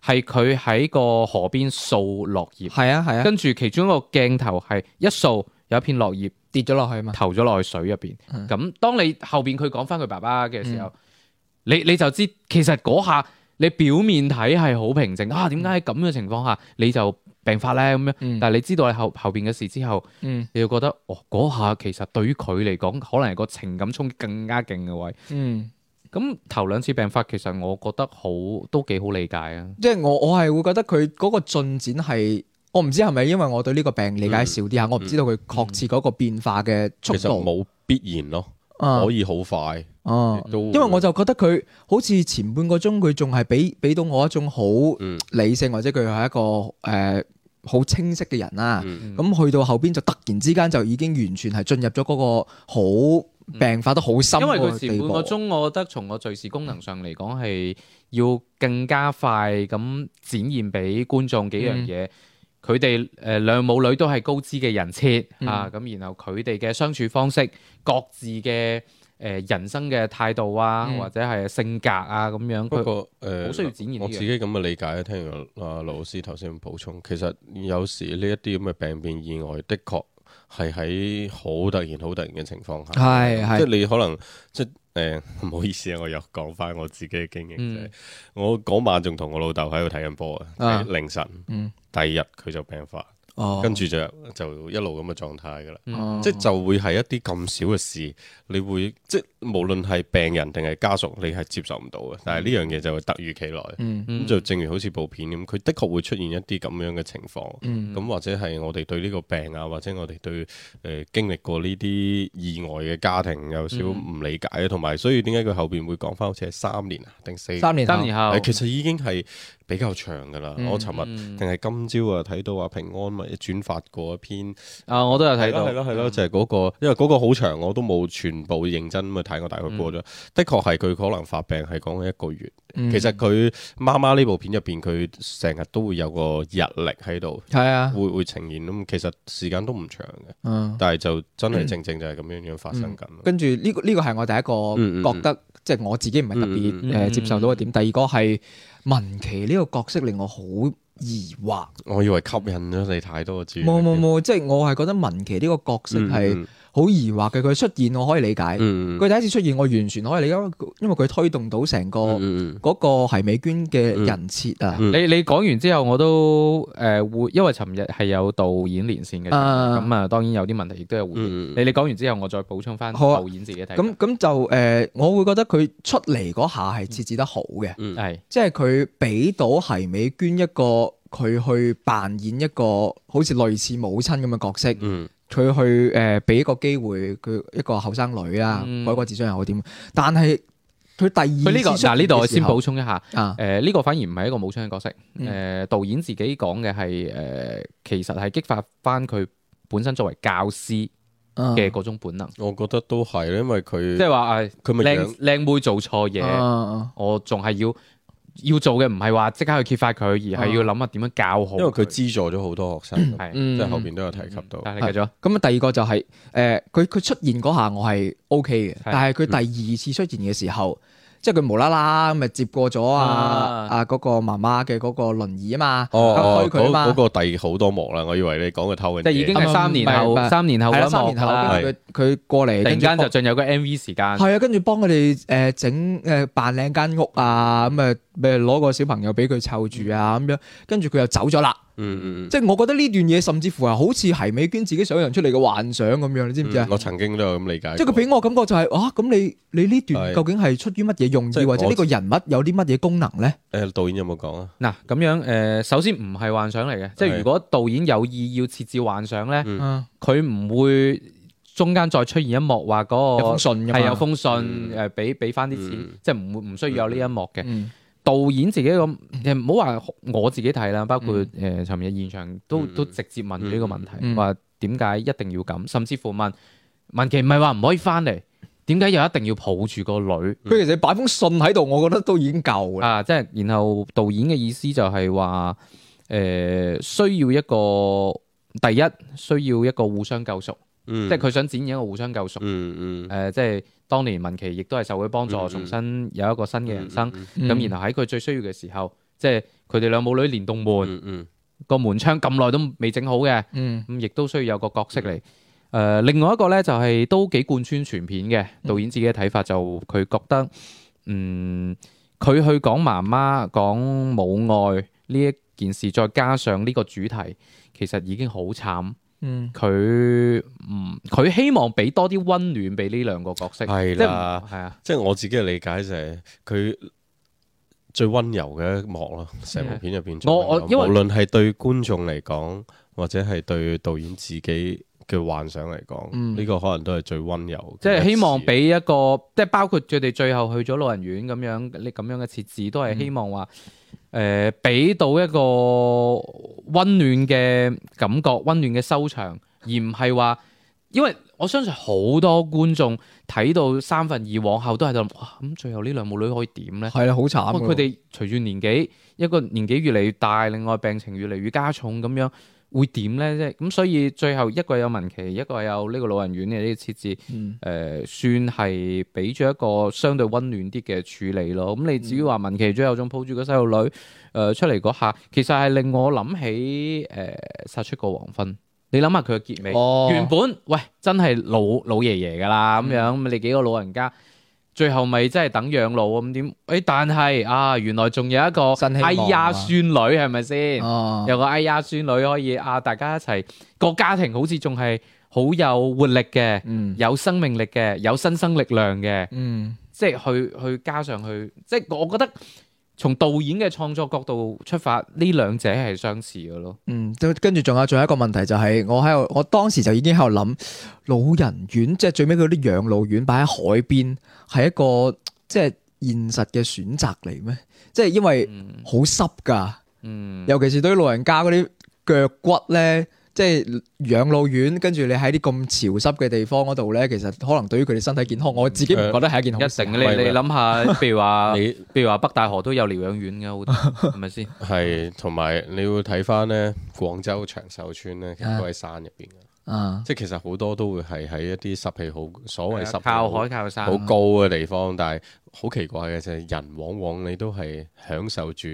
係佢喺個河邊掃落葉，係啊係啊，跟住、啊、其中一個鏡頭係一掃有一片落葉跌咗落去嘛，投咗落去水入邊。咁、嗯、當你後邊佢講翻佢爸爸嘅時候，嗯、你你就知其實嗰下你表面睇係好平靜、嗯、啊，點解喺咁嘅情況下你就病發咧咁樣？嗯、但係你知道你後後邊嘅事之後，嗯、你就覺得哦嗰下其實對於佢嚟講，可能係個情感衝擊更加勁嘅位。嗯咁頭兩次病發，其實我覺得好都幾好理解啊！即係我我係會覺得佢嗰個進展係，我唔知係咪因為我對呢個病理解少啲吓，嗯、我唔知道佢確切嗰個變化嘅速度冇、嗯、必然咯，嗯、可以好快哦。嗯嗯、因為我就覺得佢好似前半個鐘佢仲係俾俾到我一種好理性、嗯、或者佢係一個誒好、呃、清晰嘅人啦。咁去到後邊就突然之間就已經完全係進入咗嗰個好。病化得好深，啊，因為佢時半個鐘，我覺得從個敘事功能上嚟講，係要更加快咁展現俾觀眾幾樣嘢。佢哋誒兩母女都係高知嘅人設嚇，咁、嗯啊、然後佢哋嘅相處方式、各自嘅誒人生嘅態度啊，嗯、或者係性格啊咁樣。不過誒、呃，我自己咁嘅理解，聽完阿老師頭先咁補充，其實有時呢一啲咁嘅病變意外，的確。係喺好突然、好突然嘅情況下，即係你可能即係誒，呃、唔好意思啊，我又講翻我自己嘅經歷。嗯、我嗰晚仲同我老豆喺度睇緊波啊，凌晨，嗯、第二日佢就病發。哦、跟住就就一路咁嘅狀態嘅啦，嗯、即係就會係一啲咁少嘅事，你會即係無論係病人定係家屬，你係接受唔到嘅。但係呢樣嘢就會突如其來，咁、嗯嗯、就正如好似部片咁，佢的確會出現一啲咁樣嘅情況。咁、嗯、或者係我哋對呢個病啊，或者我哋對誒、呃、經歷過呢啲意外嘅家庭有少唔理解同、啊、埋、嗯、所以點解佢後邊會講翻好似係三年啊定四年？三年後，三年後其實已經係。比較長噶啦，嗯、我尋日定係今朝啊睇到啊平安咪轉發過一篇啊，我都有睇到，係咯係咯，嗯、就係嗰、嗰個，因為嗰個好長，我都冇全部認真咪睇，我大概過咗，嗯、的確係佢可能發病係講緊一個月，嗯、其實佢媽媽呢部片入邊佢成日都會有個日曆喺度，係啊、嗯，會會呈現咁，其實時間都唔長嘅，嗯、但係就真係正，正正就係咁樣樣發生緊、嗯嗯嗯，跟住呢、這個呢、這個係我第一個覺得。即係我自己唔係特別誒、嗯嗯呃、接受到嘅點。第二個係文琪呢個角色令我好疑惑。我以為吸引咗你太多資源。冇冇冇，即係我係覺得文琪呢個角色係、嗯。嗯好疑惑嘅佢出現，我可以理解。佢、嗯、第一次出現，我完全可以理解，因為佢推動到成個嗰個係美娟嘅人設啊！你你講完之後，我都誒會、呃，因為尋日係有導演連線嘅，咁啊、呃、當然有啲問,問題，亦都有回應。你你講完之後，我再補充翻導演自己睇。咁咁就誒、呃，我會覺得佢出嚟嗰下係設置得好嘅，係、嗯嗯嗯、即係佢俾到係美娟一個佢去扮演一個好似類似母親咁嘅角色。嗯佢去誒俾、呃、一個機會佢一個後生女啦，改過自新又點？嗯、但係佢第二，呢、呢個嗱，呢度我先補充一下啊，誒呢、呃呢個反而唔係一個母親嘅角色誒、嗯呃，導演自己講嘅係誒，其實係激發翻佢本身作為教師嘅嗰種本能。啊、我覺得都係因為佢即係話誒，佢咪靚靚妹做錯嘢，啊啊、我仲係要。要做嘅唔係話即刻去揭發佢，而係要諗下點樣教好。因為佢資助咗好多學生，即係後邊都有提及到、嗯嗯。但係你繼續啦。咁啊，第二個就係、係、誒，佢、呃、佢出現嗰下我係 OK 嘅，的但係佢第二次出現嘅時候。即係佢無啦啦咁咪接過咗啊啊嗰個媽媽嘅嗰個輪椅啊嘛，啊開佢、哦哦哦嗰個第好多幕啦，我以為你講嘅偷嘅，已經係三年後、嗯、是三年後三年後佢佢是過嚟，突然間就進入個 MV 時間係啊，跟住幫佢哋誒整誒扮靚間屋啊，咁啊誒攞個小朋友俾佢湊住啊咁樣，跟住佢又走咗啦。嗯嗯即係我覺得呢段嘢，甚至乎係好似奚美娟自己想象出嚟嘅幻想咁樣，你知唔知啊？、嗯？我曾經都有咁理解。即係佢俾我感覺就係、是、啊，咁你你呢段究竟係出於乜嘢用意，的或者呢個人物有啲乜嘢功能咧？誒、欸，導演有冇講啊？嗱，咁樣誒，首先唔係幻想嚟嘅，即係如果導演有意要設置幻想咧，佢唔的會中間再出現一幕話嗰、那個信噶嘛，係有封信誒，俾俾翻啲錢，嗯、即係唔會唔需要有呢一幕嘅。嗯嗯導演自己咁，亦唔好話我自己睇啦，包括誒尋日現場都、嗯、都直接問住呢個問題，話點解一定要咁？甚至乎問問其唔係話唔可以翻嚟，點解又一定要抱住個女？佢其實擺封信喺度，我覺得都已經夠啦。即係然後導演嘅意思就係話誒，需要一個第一，需要一個互相救贖。即係佢想展現一個互相救贖，誒、嗯嗯呃，即係當年文琪亦都係受佢幫助，嗯嗯、重新有一個新嘅人生。咁、嗯、然後喺佢最需要嘅時候，即係佢哋兩母女連棟門個、嗯嗯、門窗咁耐都未整好嘅，咁、嗯、亦都需要有個角色嚟。誒、嗯呃，另外一個呢，就係都幾貫穿全片嘅。導演自己嘅睇法就佢覺得，嗯，佢、嗯、去講媽媽，媽講母愛呢一件事，再加上呢個主題，其實已經好慘。嗯，佢唔，佢、嗯、希望俾多啲溫暖俾呢兩個角色，係啦，係啊，即係我自己嘅理解就係佢最温柔嘅一幕咯，成部片入邊，我我因為無論係對觀眾嚟講，或者係對導演自己嘅幻想嚟講，呢、嗯、個可能都係最温柔，即係希望俾一個，即係包括佢哋最後去咗老人院咁樣，呢咁樣嘅設置都係希望話。嗯誒，俾、呃、到一個溫暖嘅感覺，溫暖嘅收場，而唔係話，因為我相信好多觀眾睇到三分二往後都係度哇！咁最後呢兩母女可以點呢？係啊，好慘。因為佢哋隨住年紀，一個年紀越嚟越大，另外病情越嚟越加重咁樣。會點呢？即咁，所以最後一個有文琪，一個有呢個老人院嘅呢個設置，誒、嗯呃、算係俾咗一個相對溫暖啲嘅處理咯。咁你至於話文琪最後仲抱住個細路女，誒、呃、出嚟嗰下，其實係令我諗起誒、呃、殺出個黃昏。你諗下佢嘅結尾，哦、原本喂真係老老爺爺㗎啦，咁、嗯、樣，你幾個老人家。最後咪真係等養老咁點？誒，但係啊，原來仲有一個、啊、哎呀孫女係咪先？是是哦，有個哎呀孫女可以啊，大家一齊個家庭好似仲係好有活力嘅，嗯，有生命力嘅，有新生力量嘅，嗯，即係去去加上去，即係我覺得。從導演嘅創作角度出發，呢兩者係相似嘅咯。嗯，跟住仲有仲有一個問題就係，我喺我當時就已經喺度諗，老人院即係最尾嗰啲養老院擺喺海邊，係一個即係現實嘅選擇嚟咩？即係因為好濕噶，嗯，尤其是對於老人家嗰啲腳骨咧。即係養老院，跟住你喺啲咁潮濕嘅地方嗰度呢，其實可能對於佢哋身體健康，我自己唔覺得係一件好事。一成、嗯呃，你你諗下，譬如話 你，譬如話北大河都有療養院嘅，好多，多係咪先？係，同埋你要睇翻呢廣州長壽村呢，其實都喺山入邊嘅。啊、即係其實好多都會係喺一啲濕氣好，所謂濕靠海靠山，好高嘅地方，呃啊、但係好奇怪嘅就係，人往往你都係享受住。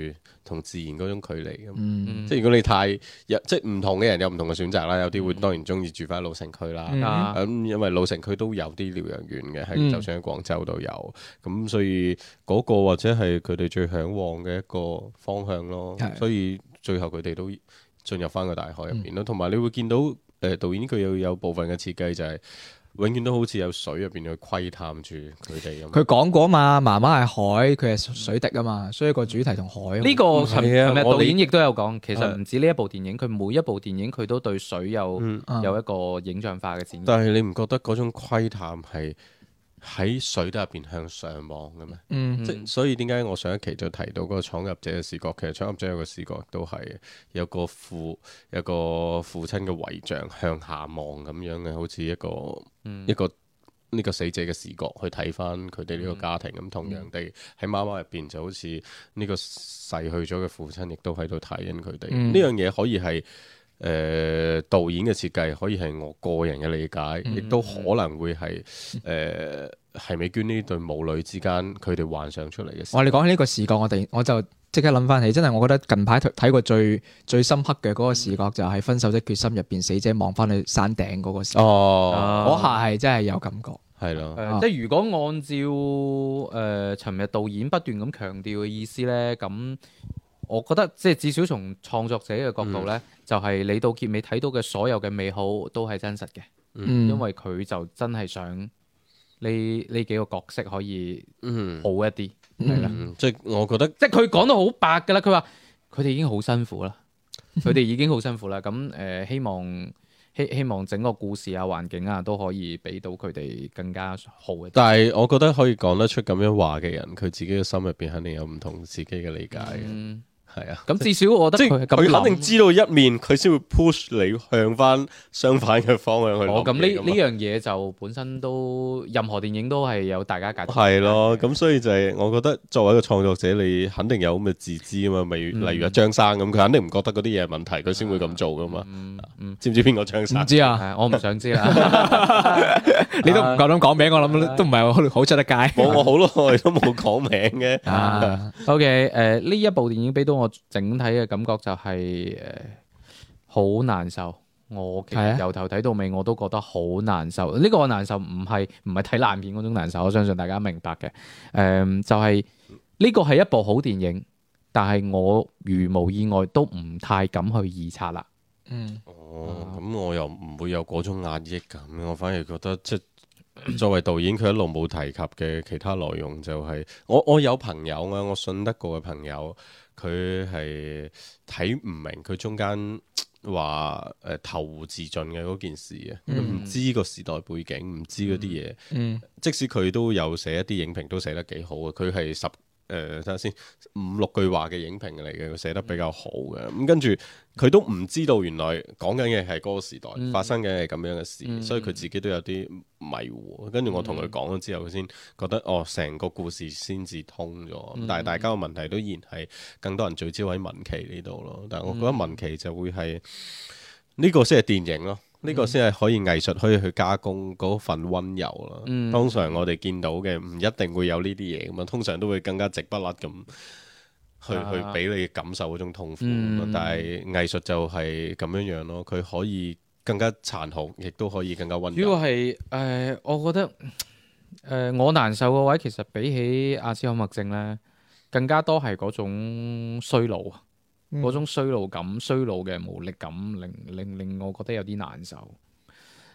同自然嗰種距離咁，嗯、即係如果你太有，即係唔同嘅人有唔同嘅選擇啦，有啲會當然中意住翻老城區啦。咁、嗯、因為老城區都有啲療養院嘅，係、嗯、就算喺廣州都有。咁所以嗰個或者係佢哋最嚮往嘅一個方向咯。嗯、所以最後佢哋都進入翻個大海入邊咯。同埋、嗯、你會見到誒、呃、導演佢又有部分嘅設計就係、是。永遠都好似有水入邊去窺探住佢哋咁。佢講過嘛，媽媽係海，佢係水滴啊嘛，嗯、所以個主題同海呢個層面導演亦都有講。嗯、其實唔止呢一部電影，佢每一部電影佢都對水有有一個影像化嘅展現，嗯嗯、但係你唔覺得嗰種窺探係？喺水底入邊向上望嘅咩？嗯、即所以點解我上一期就提到嗰個闖入者嘅視覺。其實闖入者有個視覺都係有個父，有個父親嘅遺像向下望咁樣嘅，好似一個、嗯、一個呢個死者嘅視覺去睇翻佢哋呢個家庭。咁、嗯、同樣地喺媽媽入邊就好似呢個逝去咗嘅父親亦都喺度睇緊佢哋。呢、嗯、樣嘢可以係。誒、呃、導演嘅設計可以係我個人嘅理解，亦、嗯、都可能會係誒係美娟呢對母女之間佢哋幻想出嚟嘅事。我哋講起呢個視覺，我哋我就即刻諗翻起，真係我覺得近排睇過最最深刻嘅嗰個視覺就係《分手的決心》入邊，死者望翻去山頂嗰個時，嗰、哦哦、下係真係有感覺，係咯、哦的呃。即係如果按照誒尋、呃、日導演不斷咁強調嘅意思呢。咁。我覺得即係至少從創作者嘅角度咧，嗯、就係你到結尾睇到嘅所有嘅美好都係真實嘅，嗯、因為佢就真係想呢呢幾個角色可以好一啲，即係我覺得，即係佢講得好白㗎啦。佢話佢哋已經好辛苦啦，佢哋 已經好辛苦啦。咁、嗯、誒，希望希希望整個故事啊、環境啊都可以俾到佢哋更加好嘅。但係我覺得可以講得出咁樣話嘅人，佢自己嘅心入邊肯定有唔同自己嘅理解嘅、嗯。嗯係啊，咁即至少我覺得佢肯定知道一面，佢先會 push 你向翻相反嘅方向去。咁呢呢樣嘢就本身都任何電影都係有大家解讀。係咯、啊、咁、啊、所以就係、是嗯、我覺得作為一個創作者，你肯定有咁嘅自知啊嘛，咪例如阿張生咁，佢、嗯、肯定唔覺得嗰啲嘢係問題，佢先會咁做㗎嘛。嗯嗯唔知唔知邊個唱唔知啊， 我唔想知啊。 你都唔夠膽講名， 我諗都唔係好出得街。冇，我好耐都冇講名嘅。O K，誒呢一部電影俾到我整體嘅感覺就係誒好難受。我其實，由頭睇到尾，我都覺得好難受。呢、啊、個難受唔係唔係睇爛片嗰種難受，我相信大家明白嘅。誒、呃，就係、是、呢個係一部好電影，但係我如無，無意外都唔太敢去二刷啦。嗯，哦，咁我又唔會有嗰種壓抑感，我反而覺得即作為導演佢一路冇提及嘅其他內容就係、是，我我有朋友啊，我信得過嘅朋友，佢係睇唔明佢中間話誒投湖自盡嘅嗰件事嘅，唔、嗯、知個時代背景，唔知嗰啲嘢，嗯嗯、即使佢都有寫一啲影評，都寫得幾好啊，佢係十。誒，睇下先，五六句話嘅影評嚟嘅，佢寫得比較好嘅。咁、嗯、跟住佢都唔知道原來講緊嘅係嗰個時代、嗯、發生嘅咁樣嘅事，嗯、所以佢自己都有啲迷糊。跟住我同佢講咗之後，佢先覺得哦，成個故事先至通咗。嗯、但係大家嘅問題都依然係更多人聚焦喺文琪呢度咯。但係我覺得文琪就會係呢、呢個先係電影咯。呢、嗯、個先係可以藝術可以去加工嗰份溫柔啦。通常、嗯、我哋見到嘅唔一定會有呢啲嘢咁啊，通常都會更加直不甩咁去、啊、去俾你感受嗰種痛苦。嗯、但係藝術就係咁樣樣咯，佢可以更加殘酷，亦都可以更加溫柔。如果係誒、呃，我覺得誒、呃、我難受嘅位，其實比起阿茲海默症咧，更加多係嗰種衰老啊。嗰、嗯、種衰老感、衰老嘅無力感，令令令我覺得有啲難受。誒、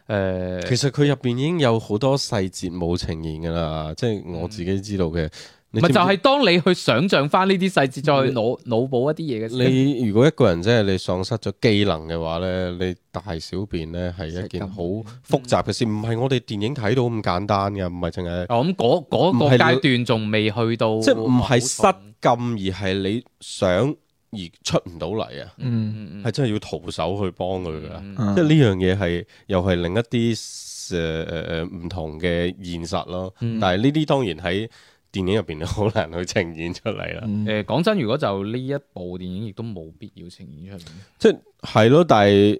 呃，其實佢入邊已經有好多細節冇呈現㗎喇，嗯、即係我自己知道嘅。咪、嗯、就係當你去想象翻呢啲細節，再腦腦補一啲嘢嘅時候。你如果一個人真係你喪失咗機能嘅話咧，你大小便咧係一件好複雜嘅事，唔係我哋電影睇到咁簡單嘅，唔係淨係。哦、嗯，咁嗰嗰個階段仲未去到。即係唔係失禁，而係你想。而出唔到嚟啊，係、嗯嗯、真係要徒手去幫佢噶，嗯、即係呢樣嘢係又係另一啲誒誒誒唔同嘅現實咯。嗯、但係呢啲當然喺電影入邊好難去呈現出嚟啦。誒講、嗯、真，如果就呢一部電影，亦都冇必要呈現出嚟。嗯、即係係咯，但係。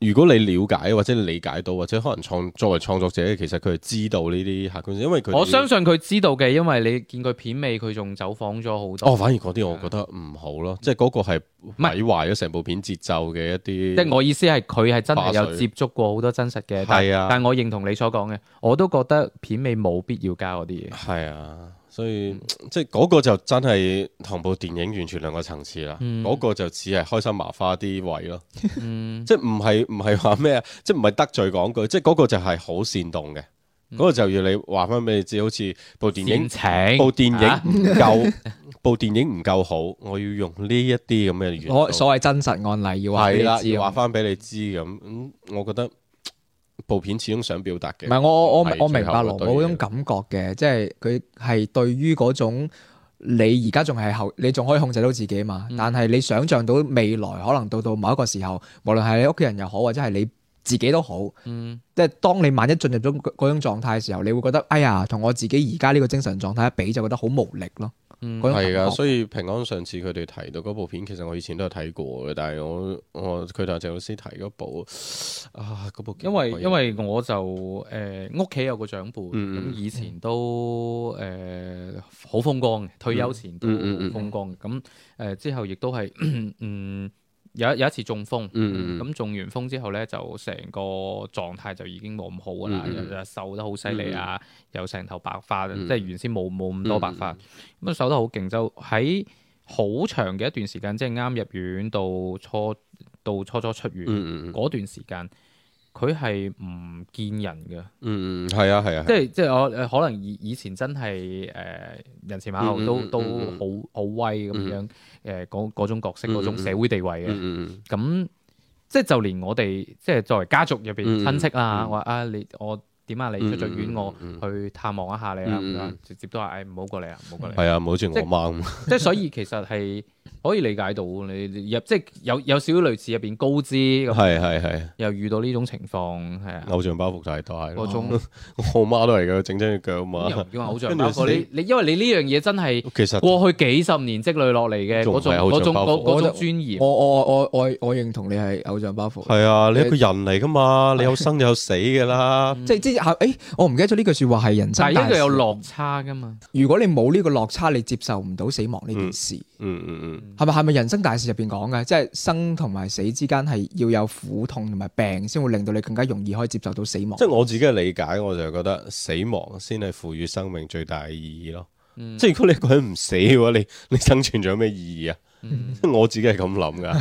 如果你了解或者理解到，或者可能作為創作者，其實佢係知道呢啲客觀，因為我相信佢知道嘅，因為你見佢片尾佢仲走訪咗好多。哦，反而嗰啲我覺得唔好咯，的即係嗰個係毀壞咗成部片節奏嘅一啲。是一些即係我意思係佢係真係有接觸過好多真實嘅，水但係的我認同你所講嘅，我都覺得片尾冇必要加嗰啲嘢。係啊的。所以即係嗰、嗰個就真係同部電影完全兩個層次啦。嗰、嗯、個就只係開心麻花啲位咯、嗯，即係唔係唔係話咩啊？即係唔係得罪講句，即係嗰、嗰個就係好煽動嘅。嗰、嗯、個就要你話翻俾你知，好似部電影，部情電影唔夠，部、啊、 電影唔夠好，我要用呢一啲咁嘅，所所謂真實案例要話，要話翻俾你知咁了。我覺得。部片始終想表達嘅，唔係我我我明白羅母嗰種感覺嘅，即係佢係對於嗰種你而家仲係後，你仲可以控制到自己嘛？嗯、但係你想象到未來可能到到某一個時候，無論係你屋企人又好，或者係你自己都好，嗯、即係當你萬一進入咗嗰種狀態嘅時候，你會覺得哎呀，同我自己而家呢個精神狀態一比，就覺得好無力咯。嗯，係噶的，覺所以平安上次佢哋提到嗰部片，其實我以前都有睇過嘅，但係我我佢同謝老師提嗰部啊嗰部，部因為因為我就誒屋企有個長輩咁，嗯嗯以前都誒好、呃、風光嘅，退休前都好風光咁誒之後亦都係嗯。嗯嗯嗯有有一次中風，咁、嗯嗯、中完風之後呢，就成個狀態就已經冇咁好㗎啦，嗯嗯又瘦得好犀利啊，嗯嗯又成頭白髮，嗯、即係原先冇冇咁多白髮，咁瘦、嗯嗯、得好勁，就喺好長嘅一段時間，即係啱入院到初到初初出院嗰段時間。嗯嗯嗯嗯佢係唔見人嘅，嗯，係啊，係啊，即係即係我可能以以前真係誒人前馬後都都好好威咁樣誒嗰種角色，嗰種社會地位嘅，咁即係就連我哋即係作為家族入邊親戚啦，我話啊，你我點啊，你出咗院我去探望一下你啊，直接都話誒唔好過嚟啊，唔好過嚟，係啊，唔好似我媽咁，即係所以其實係。可以理解到你入即係有有少少類似入邊高知係係係，又遇到呢種情況，係啊，偶像包袱太大咯。嗰種我媽都係噶，整親隻腳嘛。叫偶像包袱。你你因為你呢樣嘢真係，其實過去幾十年積累落嚟嘅嗰種嗰種嗰種我我我我我認同你係偶像包袱。係啊，你一個人嚟噶嘛，你有生就有死噶啦。即係即係誒，我唔記得咗呢句說話係人生，但係呢個有落差噶嘛。如果你冇呢個落差，你接受唔到死亡呢件事。嗯嗯。係咪係咪人生大事入邊講嘅，即係生同埋死之間係要有苦痛同埋病，先會令到你更加容易可以接受到死亡。即係我自己嘅理解，我就覺得死亡先係賦予生命最大嘅意義咯。嗯、即係如果你一個人唔死嘅話，你你生存仲有咩意義啊？嗯、我自己係咁諗噶，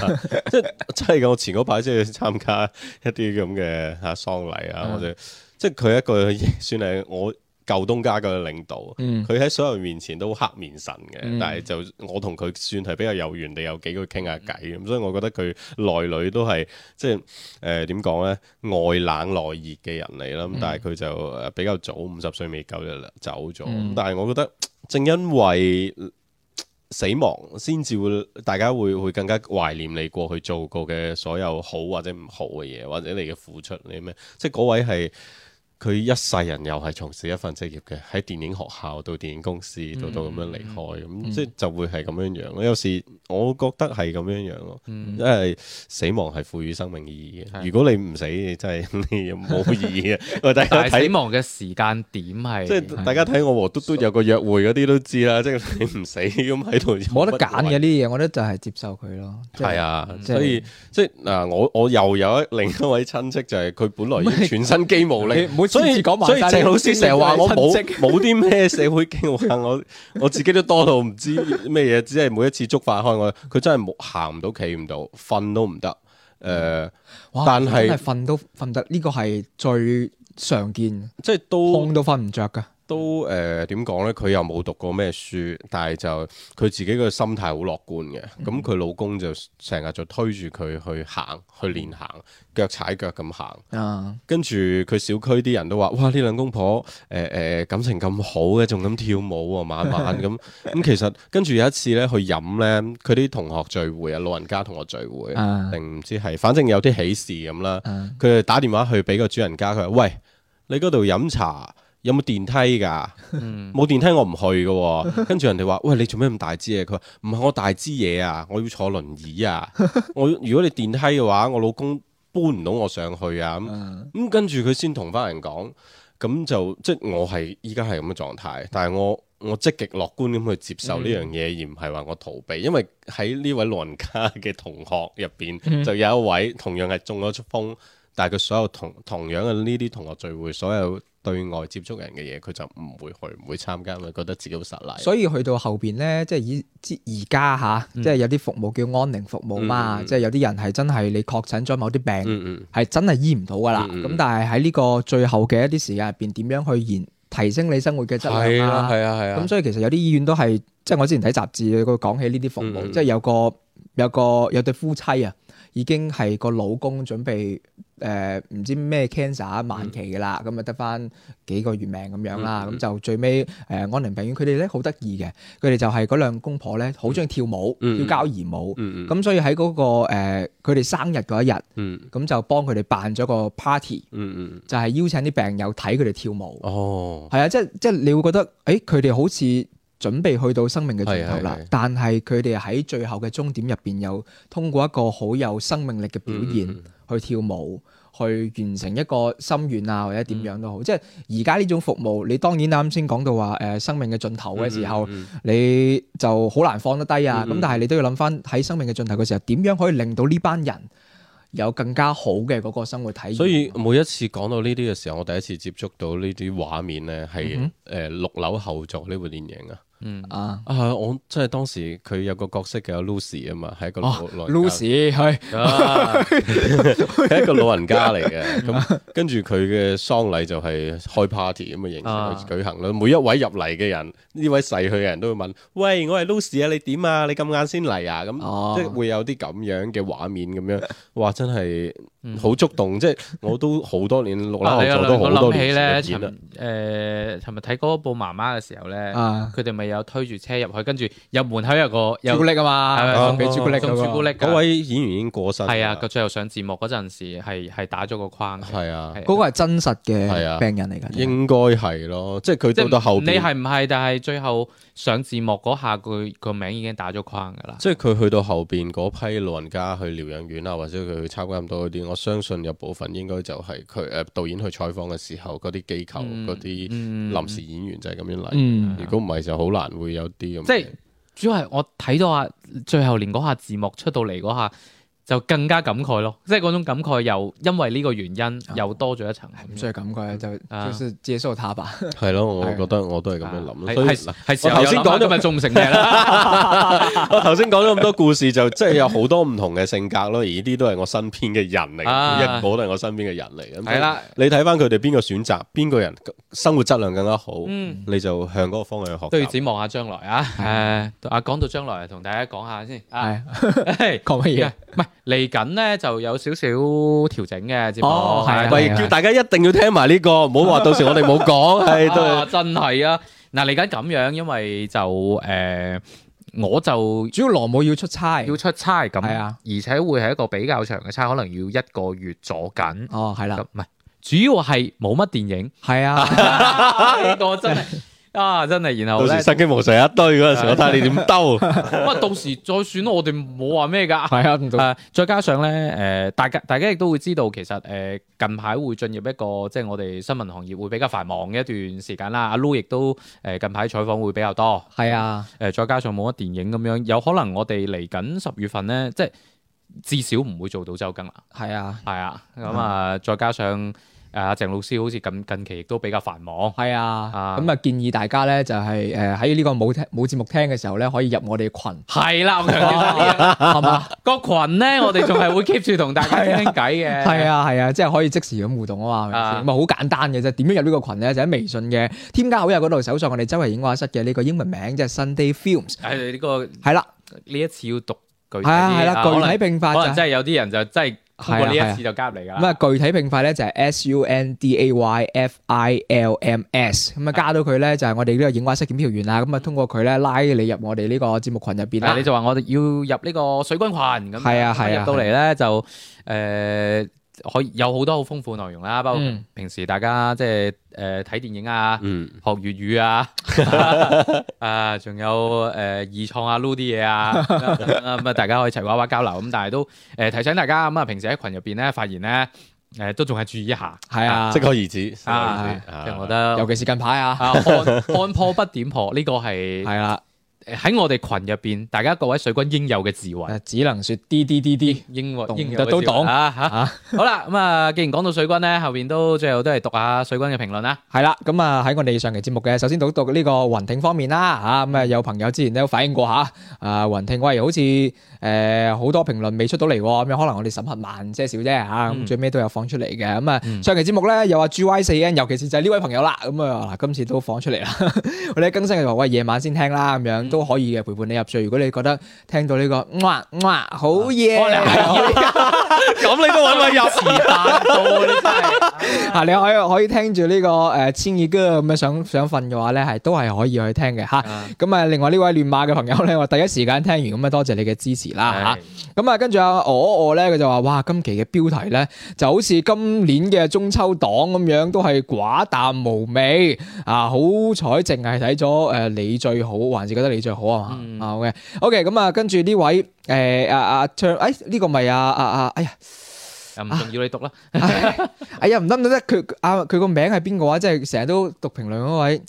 即係真係噶。我前嗰排即係參加一啲咁嘅吓喪禮啊，我就即係佢一個算係我。舊東家嘅領導，佢喺、嗯、所有人面前都黑面神嘅，嗯、但係就我同佢算係比較有緣地有幾個傾下偈。咁、嗯、所以我覺得佢內裏都係即係誒點講呢？外冷內熱嘅人嚟啦。咁、嗯、但係佢就比較早五十歲未夠就走咗。嗯、但係我覺得正因為死亡，先至會大家會會更加懷念你過去做過嘅所有好或者唔好嘅嘢，或者你嘅付出，你咩？即係嗰位係。佢一世人又係從事一份職業嘅，喺電影學校到電影公司，到到咁樣離開，咁即係就會係咁樣樣。有時我覺得係咁樣樣咯，因為死亡係賦予生命意義嘅。如果你唔死，真係你冇意義嘅。死亡嘅時間點係，即係大家睇我和嘟嘟有個約會嗰啲都知啦。即係你唔死咁喺度，冇得揀嘅呢嘢，我覺得就係接受佢咯。係啊，所以即係嗱，我我又有一另一位親戚就係佢本來已經全身肌無力。所以講，所以鄭老師成日話我冇冇啲咩社會經驗， 我我自己都多到唔知咩嘢， 只係每一次觸發開我，佢真係冇行唔到，到，企唔到，瞓、呃、哇是都唔得。誒，但係瞓都瞓得，呢個係最常見，即係都痛都瞓唔著㗎。都誒，點講呢？佢又冇讀過咩書，但係就佢自己個心態好樂觀嘅。咁佢、嗯、老公就成日就推住佢去行，去練行，腳踩腳咁行。嗯、跟住佢小區啲人都話：，哇！呢兩公婆誒誒感情咁好嘅，仲咁跳舞啊、哦，晚晚咁咁。其實跟住有一次呢，去飲呢，佢啲同學聚會啊，老人家同學聚會定唔、嗯、知係，反正有啲喜事咁啦。佢就打電話去俾個主人家，佢話：，喂，你嗰度飲茶？有冇電梯噶？冇、嗯、電梯我唔去嘅、哦。跟住人哋話：， 喂，你做咩咁大支嘢？」佢話：唔係我大支嘢啊，我要坐輪椅啊。 我如果你電梯嘅話，我老公搬唔到我上去啊。咁、嗯、跟住佢先同翻人講，咁就即我係依家係咁嘅狀態。但係我我積極樂觀咁去接受呢樣嘢，嗯、而唔係話我逃避。因為喺呢位老人家嘅同學入邊，就有一位同樣係中咗出風，但係佢所有同同樣嘅呢啲同學聚會所有。對外接觸人嘅嘢，佢就唔會去，唔會參加，咪覺得自己好失禮。所以去到後邊呢，即係而而家嚇，啊嗯、即係有啲服務叫安寧服務嘛，嗯嗯、即係有啲人係真係你確診咗某啲病，係、嗯嗯、真係醫唔到噶啦。咁、嗯嗯、但係喺呢個最後嘅一啲時間入邊，點樣去延提升你生活嘅質量啊？係啊係啊係啊！咁、啊啊啊、所以其實有啲醫院都係，即係我之前睇雜誌佢講起呢啲服務，嗯、即係有個有個有對夫妻啊。已經係個老公準備誒唔、呃、知咩 cancer 晚期㗎啦，咁啊得翻幾個月命咁樣啦，咁就、嗯、最尾誒、呃、安寧病院佢哋咧好得意嘅，佢哋就係嗰兩公婆咧好中意跳舞，要、嗯、交誼舞，咁、嗯嗯、所以喺嗰、那個佢哋、呃、生日嗰一日，咁、嗯、就幫佢哋辦咗個 party，就係邀請啲病友睇佢哋跳舞。哦、嗯，係、嗯、啊，即即你會覺得誒佢哋好似～準備去到生命嘅盡頭啦，的但係佢哋喺最後嘅終點入邊，有通過一個好有生命力嘅表現去跳舞，嗯、去完成一個心願啊，或者點樣都好。嗯、即係而家呢種服務，你當然啱先講到話誒生命嘅盡頭嘅時候，嗯嗯、你就好難放得低啊。咁、嗯、但係你都要諗翻喺生命嘅盡頭嘅時候，點、嗯、樣可以令到呢班人有更加好嘅嗰個生活體驗。所以每一次講到呢啲嘅時候，我第一次接觸到呢啲畫面咧，係誒六樓後座呢部電影啊。嗯嗯啊啊！我真係當時佢有個角色嘅，叫 Lucy 啊嘛，係一個老老 Lucy 係，係一個老人家嚟嘅。咁跟住佢嘅喪禮就係開 party 咁嘅形式去舉行啦。每一位入嚟嘅人，呢位逝去嘅人都會問：喂，我係 Lucy 啊，你點啊？你咁晏先嚟啊？咁即係會有啲咁樣嘅畫面咁樣，哇！真係好觸動。即係我都好多年六樓後座都諗起咧。誒，尋日睇嗰部媽媽嘅時候咧，佢哋咪。有推住車入去，跟住入門口有個朱古力啊嘛，係咪送俾朱古力？送朱古力嗰位演員已經過身。係啊，佢最後上字幕嗰陣時係係打咗個框。係啊，嗰、啊、個係真實嘅病人嚟噶、啊。應該係咯，即係佢到到後邊，你係唔係？但係最後。上字幕嗰下，佢個名已經打咗框㗎喇。即係佢去到後邊嗰批老人家去療養院啊，或者佢去參加咁多嗰啲，我相信有部分應該就係佢誒導演去採訪嘅時候，嗰啲機構嗰啲、嗯、臨時演員就係咁樣嚟。如果唔係就好難會有啲咁即。即係字主要係我睇到啊，最後連嗰下字幕出到嚟嗰下。就更加感慨咯，即係嗰種感慨又因為呢個原因又多咗一層咁所以感慨就就是接受他吧。係咯，我覺得我都係咁樣諗咯。係頭先講咗咪仲唔成嘢啦？我頭先講咗咁多故事，就即係有好多唔同嘅性格咯，而呢啲都係我身邊嘅人嚟，一個都係我身邊嘅人嚟。係啦，你睇翻佢哋邊個選擇，邊個人生活質量更加好，你就向嗰個方向去學都要展望下將來啊！誒，啊，講到將來同大家講下先。係講乜嘢？唔嚟緊咧就有少少調整嘅節目，咪叫大家一定要聽埋呢個，唔好話到時我哋冇講。係，真係啊！嗱，嚟緊咁樣，因為就誒，我就主要羅母要出差，要出差咁，而且會係一個比較長嘅差，可能要一個月咗緊。哦，係啦，唔係主要係冇乜電影。係啊，呢個真係。啊，真係，然後好似失機無常一堆嗰陣時， 我睇你點兜。咁啊，到時再算，我哋冇話咩噶。係 啊，再加上咧，誒、呃，大家大家亦都會知道，其實誒、呃、近排會進入一個即係、就是、我哋新聞行業會比較繁忙嘅一段時間啦。阿、啊、Lu 亦都誒、呃、近排採訪會比較多。係啊，誒、呃、再加上冇乜電影咁樣，有可能我哋嚟緊十月份咧，即係至少唔會做到周更啦。係啊，係啊，咁、嗯嗯、啊，再加上。嗯嗯嗯嗯阿鄭老師好似近近期亦都比較繁忙，係啊，咁啊建議大家咧就係誒喺呢個冇聽冇節目聽嘅時候咧，可以入我哋群。係啦，係嘛，個群咧我哋仲係會 keep 住同大家傾偈嘅。係啊係啊，即係可以即時咁互動啊嘛，咁啊好簡單嘅啫。點樣入呢個群咧？就喺微信嘅添加好友嗰度搜索我哋周日映畫室嘅呢個英文名，即係 Sunday Films。係呢個係啦，呢一次要讀具係啊係啦，具體並發就可能即係有啲人就真係。係啊，呢一次就加入嚟噶。咁啊，啊，具體拼法咧就係 S U N D A Y F I L M S，咁啊加到佢咧就係我哋呢個映畫室檢票員啦。咁啊通過佢咧拉你入我哋呢個節目群入邊啦。你就話我哋要入呢個水軍群，咁啊入到嚟咧就誒。可以有好多好豐富內容啦，包括平時大家即係誒睇電影啊，學粵語啊，誒仲、嗯、 有誒、呃、二創啊撈啲嘢啊，咁啊，等等啊大家可以齊話話交流咁，但係都誒、呃、提醒大家咁啊、呃、平時喺群入邊咧發言咧，誒、呃、都仲係注意一下，係啊，適可、啊、而止，而止啊，即係、啊、我覺得，尤其是近排啊，啊看，看破不點破呢個係係啦。 喺我哋群入邊，大家各位水軍應有嘅智慧，只能說啲啲啲啲，應有應有都懂啊吓。好啦，咁啊，既然講到水軍咧，後邊都最後都係讀下水軍嘅評論啦。係啦，咁啊喺我哋上期節目嘅，首先讀讀呢個雲聽方面啦，吓咁啊有朋友之前都有反映過吓，啊雲聽喂，好似誒好多評論未出到嚟，咁可能我哋審核慢些少啫吓，咁最尾都有放出嚟嘅。咁啊上期節目咧又話 G Y 四 N，尤其是就係呢位朋友啦，咁啊嗱今次都放出嚟啦，我哋更新嘅話，喂夜晚先聽啦，咁樣。都可以嘅陪伴你入睡。如果你覺得聽到呢、這個哇哇好嘢，咁你都搵位入耳度 啊， 你可以可以聽住呢、這個誒千二歌咁嘅想想瞓嘅話咧，係都係可以去聽嘅吓。咁啊，另外呢位亂馬嘅朋友咧，我第一時間聽完咁啊，多謝你嘅支持啦吓。咁啊， 跟住阿我我咧，佢就話哇，今期嘅標題咧就好似今年嘅中秋檔咁樣，都係寡淡無味啊！好彩淨係睇咗誒你最好，還是覺得你。最好、嗯、啊嘛，好嘅，好、okay, 嘅、嗯，咁、呃、啊，跟住呢位，誒，阿阿唱，誒，呢個咪啊，阿、啊、阿，哎呀，又唔重要，啊、你讀啦、 哎，哎呀，唔得唔得得，佢阿佢個名係邊個啊？即係成日都讀評論嗰位。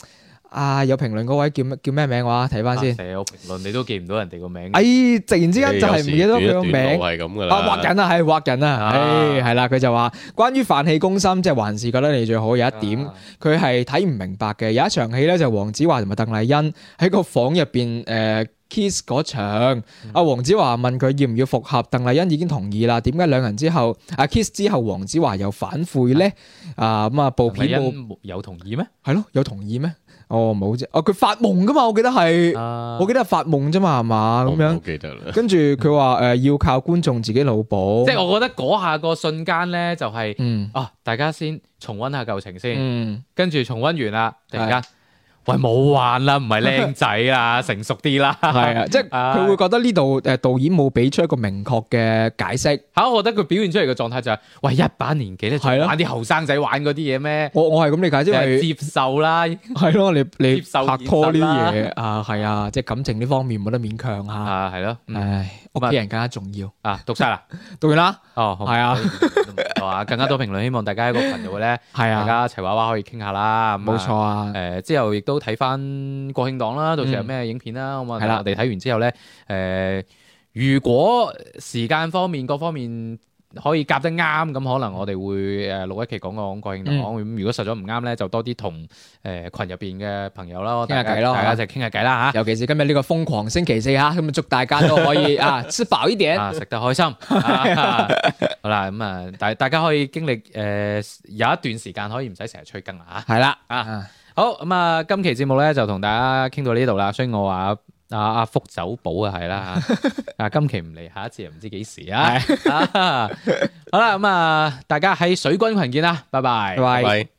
啊！有評論嗰位叫叫咩名話？睇翻先。啊、評論你都記唔到人哋個名。哎，突然之間就係唔記得佢個名。係咁噶啦。畫緊啊，係畫緊啊。啊啊哎，係啦，佢就話關於飯氣攻心，即係還是覺得你最好。有一點佢係睇唔明白嘅。有一場戲咧，就黃、是、子華同埋鄧麗欣喺個房入邊誒 kiss 嗰場。阿黃子華問佢要唔要復合，鄧麗欣已經同意啦。點解兩人之後阿、啊、kiss 之後，黃子華又反悔咧？啊咁啊，部、嗯啊、片冇有同意咩？係咯無，有同意咩？哦，冇啫，哦佢發夢㗎嘛，我記得係，啊、我記得係發夢啫嘛，係嘛、啊，咁樣，記得啦。跟住佢話，誒，要靠觀眾自己腦補。即係我覺得嗰下個瞬間咧，就係、是，啊、嗯哦，大家先重溫下舊情先，嗯、跟住重溫完啦，突然間。喂，冇玩啦，唔係靚仔啦，成熟啲啦，係啊，即係佢會覺得呢度誒導演冇俾出一個明確嘅解釋嚇，我覺得佢表現出嚟嘅狀態就係喂一把年紀咧，仲玩啲後生仔玩嗰啲嘢咩？我我係咁理解，即係接受啦，係咯，你你接受拍拖呢啲嘢啊，係啊，即係感情呢方面冇得勉強嚇，係咯，唉，我哋啲人更加重要啊，讀晒啦，讀完啦，哦，係啊，更加多評論，希望大家喺個羣度咧，係啊，大家一齊話話可以傾下啦，冇錯啊，誒之後亦都。睇翻國慶檔啦，到時有咩影片啦，咁啊，我哋睇完之後咧，誒，如果時間方面各方面可以夾得啱，咁可能我哋會誒錄一期講講國慶檔。咁如果實在唔啱咧，就多啲同誒群入邊嘅朋友啦傾下偈咯，大家一齊傾下偈啦吓。尤其是今日呢個瘋狂星期四吓，咁祝大家都可以啊吃飽啲啲，食得開心。好啦，咁啊，大大家可以經歷誒有一段時間可以唔使成日催更啦吓。係啦，啊。好，咁啊，今期節目咧就同大家傾到呢度啦，所以我話阿阿福走寶啊係啦，啊，啊 今期唔嚟，下一次又唔知幾時啊， 好啦，咁啊，大家喺水軍群見啦，拜拜。拜拜拜拜。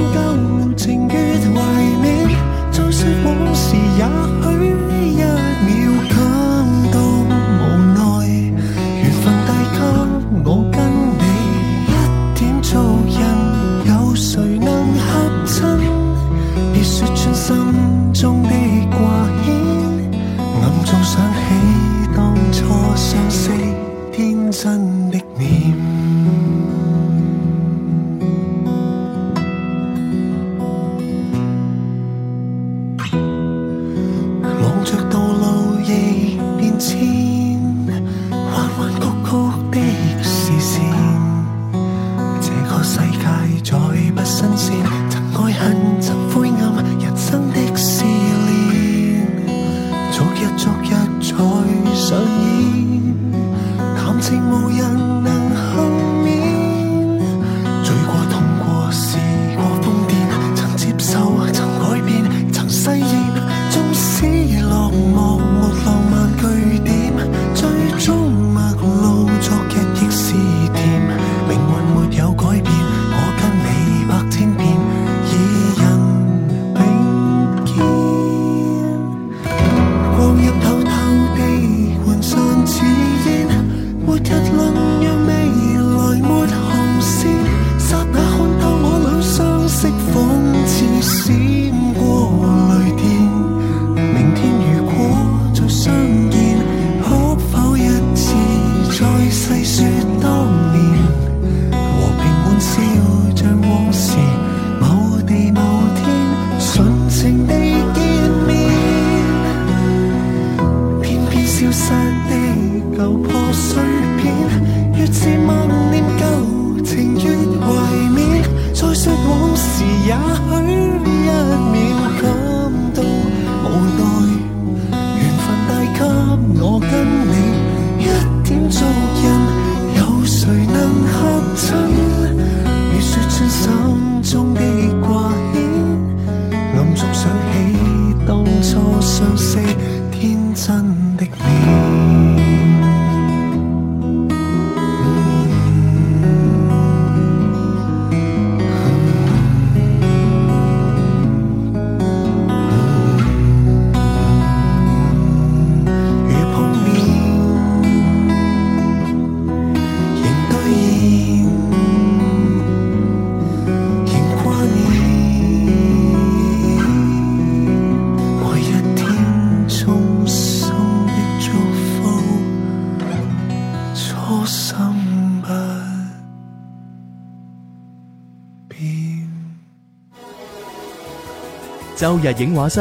周日影畫室，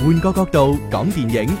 換個角度講電影。